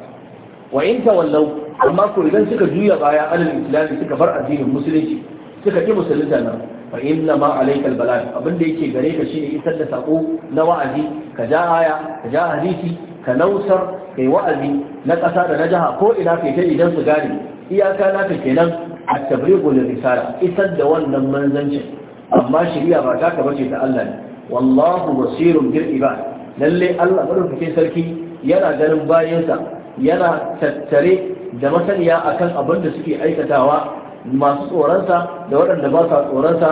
wa in tawallau amma ko idan suka juya baya alal islami suka bar addinin musulunci suka ƙi musulunta nan fa inna ma alaikal balagh abin da yake gare ka shine isar da sako na wa'azi ka ja aya ka ja hadisi ka nausar kai wa'azi na ƙasa da na jiha ko ina kai idan su gane iyaka naka kenan at-tablighul risala isar da wannan manzancin amma shari'a ba ta bace ta Allah ne wallahu basirun bil ibad lalle Allah madaukakin sarki yana ganin bayansa yana tattare da masaniya akan abin da suke aikatawa masu tsoronsa da waɗanda ba sa tsoronsa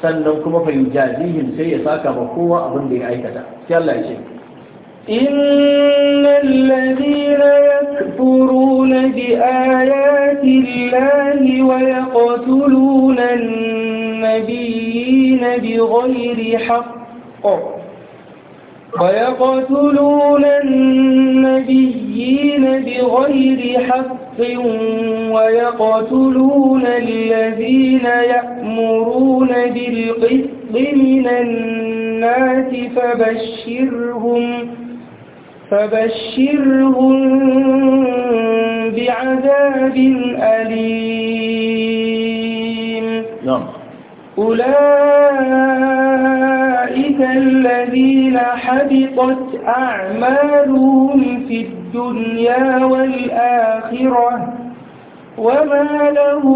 sannan kuma fa yujazihim sai ya saka ba kowa abin da ya aikata sai Allah ya ce إن الذين يكفرون بآيات الله ويقتلون النبيين بغير حق ويقتلون النبيين بغير حق ويقتلون الذين يأمرون بالقسط من الناس فبشرهم فبشرهم بعذاب أليم نعم أولئك الذين حبطت أعمالهم في الدنيا والآخرة وما لهم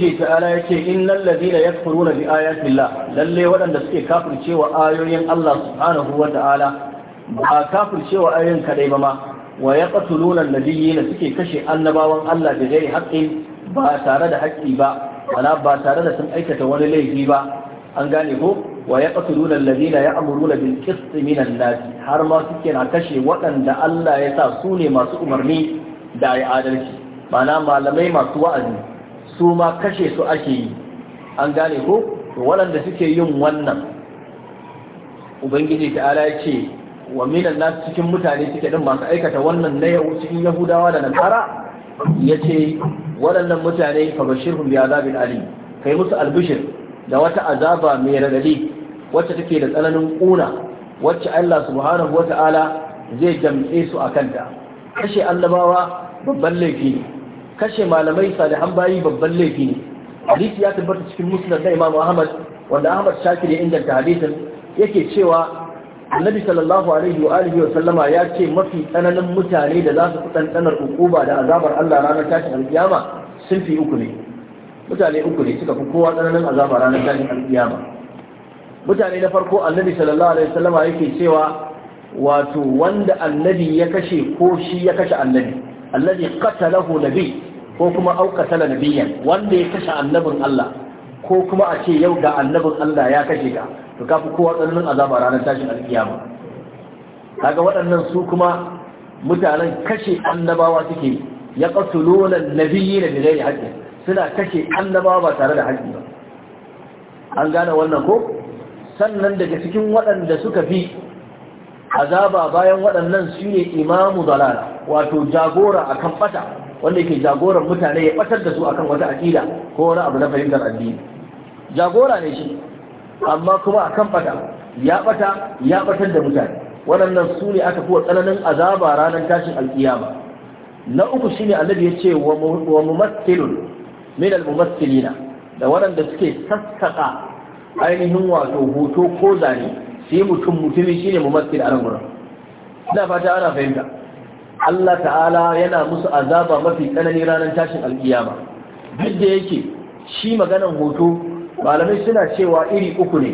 ubangiji nan yace innal ladina yakfuruna bi ayati filla, lalle waɗanda suke kafircewa ayoyin Allah subhanahu wa ta'ala ba kafircewa ayoyin kaɗai ba ma wa da nabiyina suke kashe annabawan Allah da gari haƙƙin ba tare da haƙƙi ba wala ba tare da sun aikata wani laifi ba an gane ko wa yaqtuluna ya ya'muruna bil qist minan nas har ma suke na kashe waɗanda Allah ya sa su ne masu umarni da ai adalci mana malamai masu wa'azi su ma kashe su ake yi an gane ko waɗanda suke yin wannan ubangiji ta'ala ya ce wa minan nasu cikin mutane suke din masu aikata wannan na yau cikin yahudawa da nasara ya ce waɗannan mutane fa bashirhum bi azabin alim kai musu albishir da wata azaba mai radadi wacce take da tsananin ƙuna wacce Allah subhanahu ta'ala zai jam'e su a kanta kashe annabawa babban laifi ne kashe malamai salihan bayi babban laifi ne hadisi ya tabbata cikin musnad na Imam Ahmad wanda Ahmad Shakir ya inganta hadisin yake cewa Annabi sallallahu alaihi wa alihi wa sallama ya ce mafi tsananin mutane da za su fi tsananar hukuma da azabar Allah ranar tashin alkiyama sun fi uku ne mutane uku ne suka fi kowa tsananin azabar ranar tashin alkiyama mutane na farko Annabi sallallahu alaihi wa sallama yake cewa wato wanda annabi ya kashe ko shi ya kashe annabi allazi qatalahu nabi ko kuma aukatala nabiyyan wanda ya kashe annabin Allah ko kuma a ce yau da annabin Allah ya kashe ka to kafi kowa tsananin azaba ranar tashin alkiyama kaga waɗannan su kuma mutanen kashe annabawa suke ya qatuluna nabiyyi da bighairi haqqi suna kashe annabawa ba tare da haƙƙi ba an gane wannan ko sannan daga cikin waɗanda suka fi azaba bayan waɗannan su ne imamu dalala wato jagora akan fata wanda yake jagoran mutane ya batar da su akan wata aqida ko wani abu na fahimtar addini jagora ne shi amma kuma akan bata ya bata ya batar da mutane waɗannan su ne aka fi tsananin azaba ranar tashin alkiyama na uku shine annabi ya ce wa mumassilun min almumassilina da waɗanda suke sassaka ainihin wato hoto ko zane sai mutum mutumi shine mumassil a nan gurin ina fata ana fahimta Allah ta'ala yana musu azaba mafi tsanani ranar tashin alkiyama duk da yake shi maganan hoto malamai suna cewa iri uku ne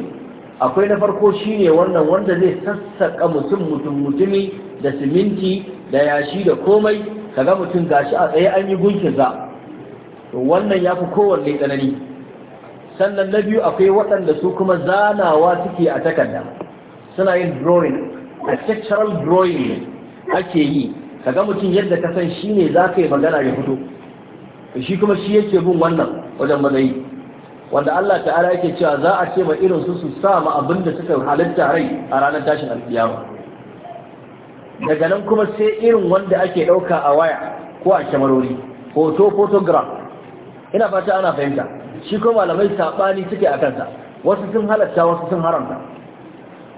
akwai na farko shine wannan wanda zai sassaka mutum mutum mutumi da siminti da yashi da komai kaga mutum gashi a tsaye an yi gunkin za wannan ya fi kowanne tsanani sannan na biyu akwai waɗanda su kuma zanawa suke a takarda suna yin drawing A architectural drawing ake yi Ka ga mutum yadda ka san shi ne za ka yi magana ya fito shi kuma shi yake bin wannan wajen matsayi wanda Allah ta'ala yake cewa za a ce ma irin su su sa ma abin da suka halitta rai a ranar tashin alkiyama daga nan kuma sai irin wanda ake ɗauka a waya ko a kyamarori hoto photograph ina fata ana fahimta shi kuma malamai saɓani suke a kansa wasu sun halatta wasu sun haramta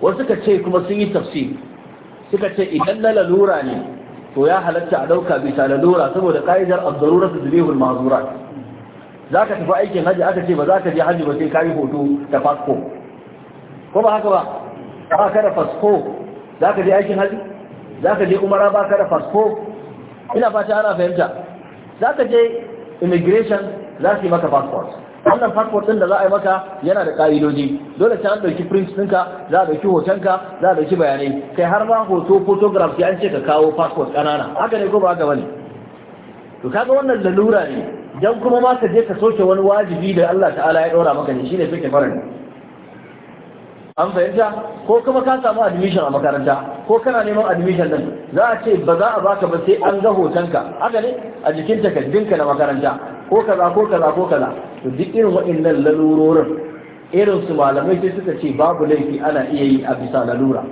wasu suka ce kuma sun yi tafsir suka ce idan na lalura ne to ya halatta a ɗauka bisa lalura saboda ƙa'idar abdarurar su zubehul mazura za ka tafi aikin hajji aka ce ba za ka je hajji ba sai ka yi hoto da fasfo ko ba haka ba ba ka da fasfo za ka je aikin hajji za ka je umara ba ka da fasfo ina fata ana fahimta za ka je immigration za su yi maka passport wannan passport din da za a yi maka yana da ƙa'idoji, dole sai an dauki print ɗinka za a dauki hotonka za a dauki bayanai kai har ma hoto photograph sai an ce ka kawo passport kanana haka ne ko ba haka bane to kaga wannan lalura ne dan kuma ma ka je ka soke wani wajibi da Allah ta'ala ya daura maka ne shine fike farin an fahimta ko kuma ka samu admission a makaranta ko kana neman admission din za a ce ba za a baka ba sai an ga hotonka haka ne a jikin takardunka na makaranta ko kaza ko kaza ko kaza to duk irin waɗannan lalurorin irin su malamai sai suka ce babu laifi ana iya yi a bisa lalura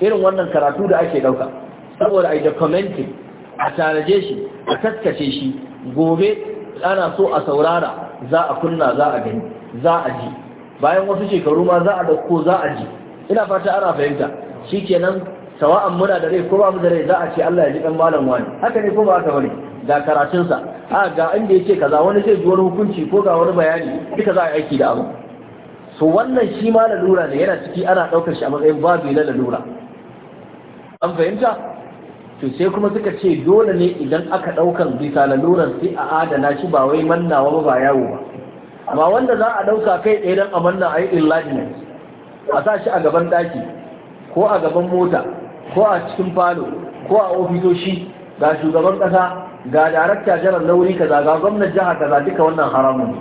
irin wannan karatu da ake ɗauka saboda a yi documenting a tanaje shi a tattace shi gobe ana so a saurara za a kunna za a gani za a ji bayan wasu shekaru ma za a ɗauko za a ji ina fata ana fahimta kenan sawa'an muna da rai ko ba mu da rai za a ce Allah ya ji ɗan malam wani haka ne ko ba haka bane ga karatunsa a ga inda ya ce kaza wani zai ji wani hukunci ko ga wani bayani duka za a yi aiki da abu so wannan shi ma lalura ne yana ciki ana ɗaukar shi a matsayin babu na lalura an fahimta to sai kuma suka ce dole ne idan aka ɗaukar bisa lalurar sai a adana shi ba wai mannawa ba ba yawo ba amma wanda za a ɗauka kai ɗaya don a manna a yi enlargement a sa shi a gaban ɗaki ko a gaban mota ko a cikin falo ko a ofisoshi ga shugaban kasa ga darakta janar nauri ka ga gwamnan jiha kaza duka wannan haramun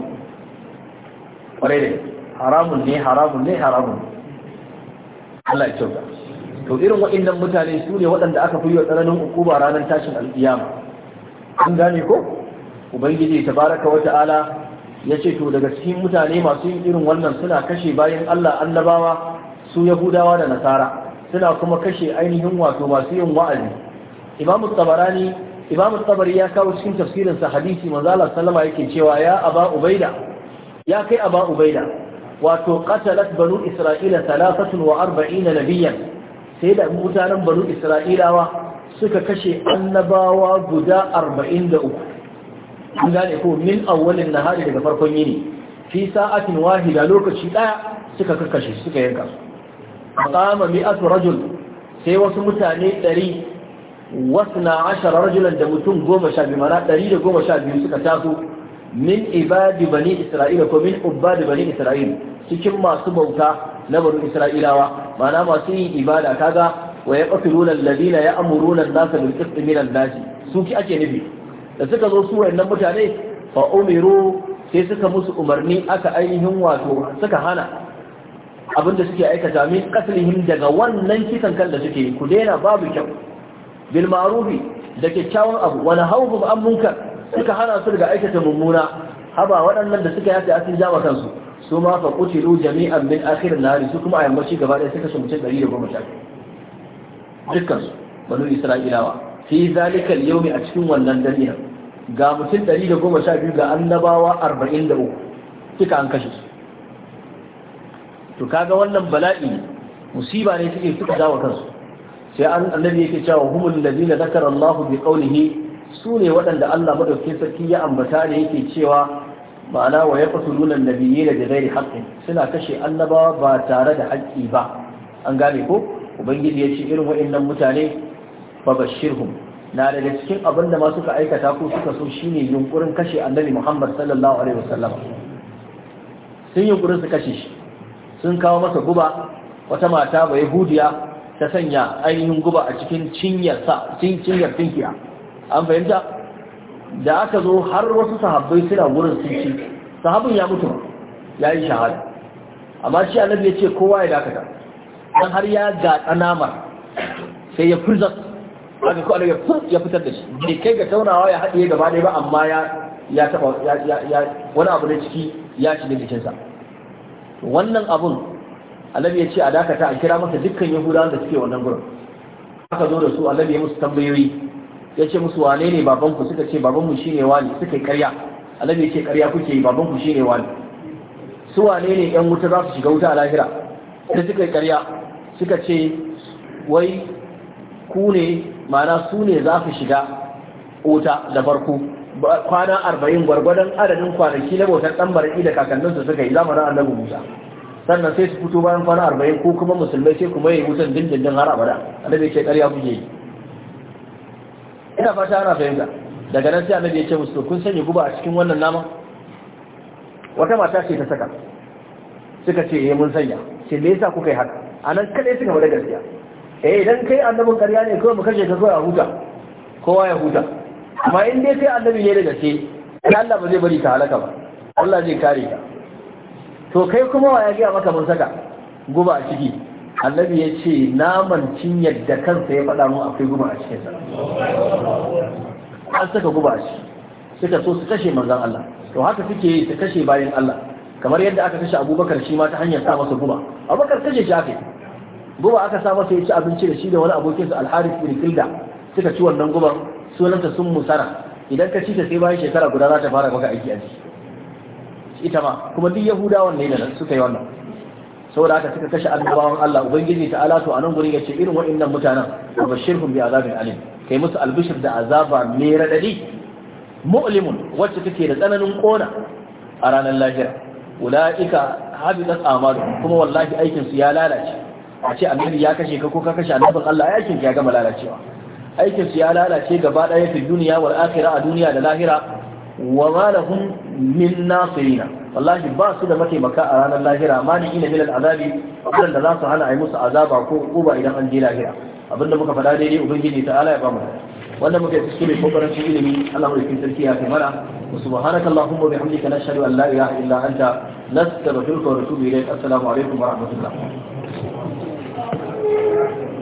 ne haramun ne haramun ne haramun Allah ya kyauta to irin waɗannan mutane su ne waɗanda aka fi yi wa tsananin hukuma ranar tashin alƙiyama an gane ko ubangiji tabaraka wa ta'ala ya ce to daga cikin mutane masu yin irin wannan suna kashe bayan Allah annabawa su yahudawa da nasara suna kuma kashe ainihin wato masu yin wa'azi imamu tabarani imamu tabari ya kawo cikin tafsirin sa hadisi manzo sallama yake cewa ya aba ubaida ya kai aba ubaida wato qatalat banu isra'ila 43 nabiyan sai da mutanen banu isra'ilawa suka kashe annabawa guda 43 an gane ko min awwalin nahari daga farkon yini fi sa'atin wahida lokaci daya suka kakkashe suka yanka qama mi'atu rajul sai wasu mutane 100 wasna ashara rajulan da mutum goma sha biyu mana ɗari da goma sha biyu suka taso min ibadi bani isra'ila ko min ubadi bani isra'il cikin masu bauta na bani isra'ilawa mana masu yin ibada kaga wa ya ƙafiru lalladina ya amuruna nasa bil qisti min al su ki ake nufi da suka zo su wayannan mutane fa umiru sai suka musu umarni aka ainihin wato suka hana abinda suke aikata min qatlihim daga wannan kisan kan da suke ku daina babu kyau bil ma'rufi da kyakkyawan abu wani haufu an munkar suka hana su daga aikata mummuna haba waɗannan da suka yace asin jama kansu su ma fa qutilu jami'an min akhir nahari su kuma a yammaci gaba ɗaya suka ɗari sumce 110 dukkan Dukkansu banu isra'ilawa fi zalika al-yawmi a cikin wannan dare ga mutum ɗari da goma 112 ga annabawa arba'in da uku, suka an kashe su to kaga wannan bala'i musiba ne suke suka dawo kansu sai an annabi yake cewa humul ladina zakara Allah bi qawlihi sune waɗanda Allah madaukakin sarki ya ambata ne yake cewa ma'ana wa yaqtuluna an bi ghairi haqqin suna kashe annaba ba tare da haƙƙi ba an gane ko ubangiji ya ce irin waɗannan mutane babashirhum na daga cikin abin da ma suka aikata ko suka so shine yunkurin kashe annabi Muhammad sallallahu alaihi wasallam sun yunkurin su kashe shi sun kawo masa guba wata mata ba yahudiya ta sanya ainihin guba a cikin cinyar tinkiya an fahimta da aka zo har wasu sahabbai suna wurin sun sahabin ya mutu ya yi shahada amma shi nabi ya ce kowa ya dakata dan har ya ga tsanamar sai ya furza aka ko ya ya fitar da shi bai kai ga taunawa ya haɗiye gaba ɗaya ba amma ya ya wani abu na ciki ya ci da jikinsa wannan abun annabi ya ce a dakata a kira masa dukkan yahudawan da suke wannan gurin aka zo da su annabi ya musu tambayoyi ya ce musu wane ne babanku suka ce babanmu shine wani suka yi karya annabi ya ce karya kuke yi babanku shine wani su wane ne yan wuta za su shiga wuta a lahira sai suka yi karya suka ce wai ku ne ma'ana su ne za su shiga wuta da farko kwana arba'in gwargwadon adadin kwanaki na bautar ɗan maraki da kakanninsu suka yi zamanin annabi musa sannan sai su fito bayan kwana arba'in ko kuma musulmai sai kuma yi wutan dindindin har abada annabi ya ce ƙarya kuke yi ina fata ana fahimta daga nan sai annabi ya ce musu kun sanya guba a cikin wannan nama wata mata ce ta saka suka ce eh mun sanya sai me yasa kuka yi haka anan kadai suka faɗa gaskiya eh idan kai annabin ƙarya ne kawai mu kashe ka kawai a huta kowa ya huta amma in dai kai annabi ne da gaske Allah ba zai bari ka halaka ba Allah zai kare ka to kai kuma wa ya gaya maka mun saka guba a ciki annabi ya ce naman cinyar da kansa ya faɗa mu akwai guba a cikinsa an saka guba a ciki suka so su kashe manzan Allah to haka suke yi su kashe bayan Allah kamar yadda aka kashe abubakar shi ma ta hanyar sa masa guba abubakar kashe shi aka guba aka sa masa ya ci abinci da shi da wani abokinsa alharis bin kilda suka ci wannan guban sunanta sun musara idan ka ci ta sai bayan shekara guda za ta fara maka aiki a ciki ita ma kuma duk yahudawan ne da suka yi wannan saboda haka suka kashe annabawan Allah ubangiji ta ala to a nan gurin ya ce irin waɗannan mutanen wa bashirhum bi azabin alim kai musu albishir da azaba mai radadi mu'limun wacce take da tsananin kona a ranar lahira ulaika habitat amalu kuma wallahi aikin su ya lalace a ce annabi ya kashe ka ko ka kashe annabin Allah aikin ya gama lalacewa aikin su ya lalace gaba ɗaya fi duniya wal akhirah a duniya da lahira wa ma lahum min nasirina wallahi ba su da mataimaka a ranar lahira ni ina milal azabi wadanda za su hana a yi musu azaba ko uba idan an je lahira abinda muka faɗa daidai ubangiji ta ala ya ba mu wanda muka yi cikin ko karancin ilimi Allah mu yi sarki ya kai mana wa subhanaka allahumma bihamdika nashhadu an la ilaha illa anta nastaghfiruka wa natubu ilayk assalamu alaikum wa rahmatullah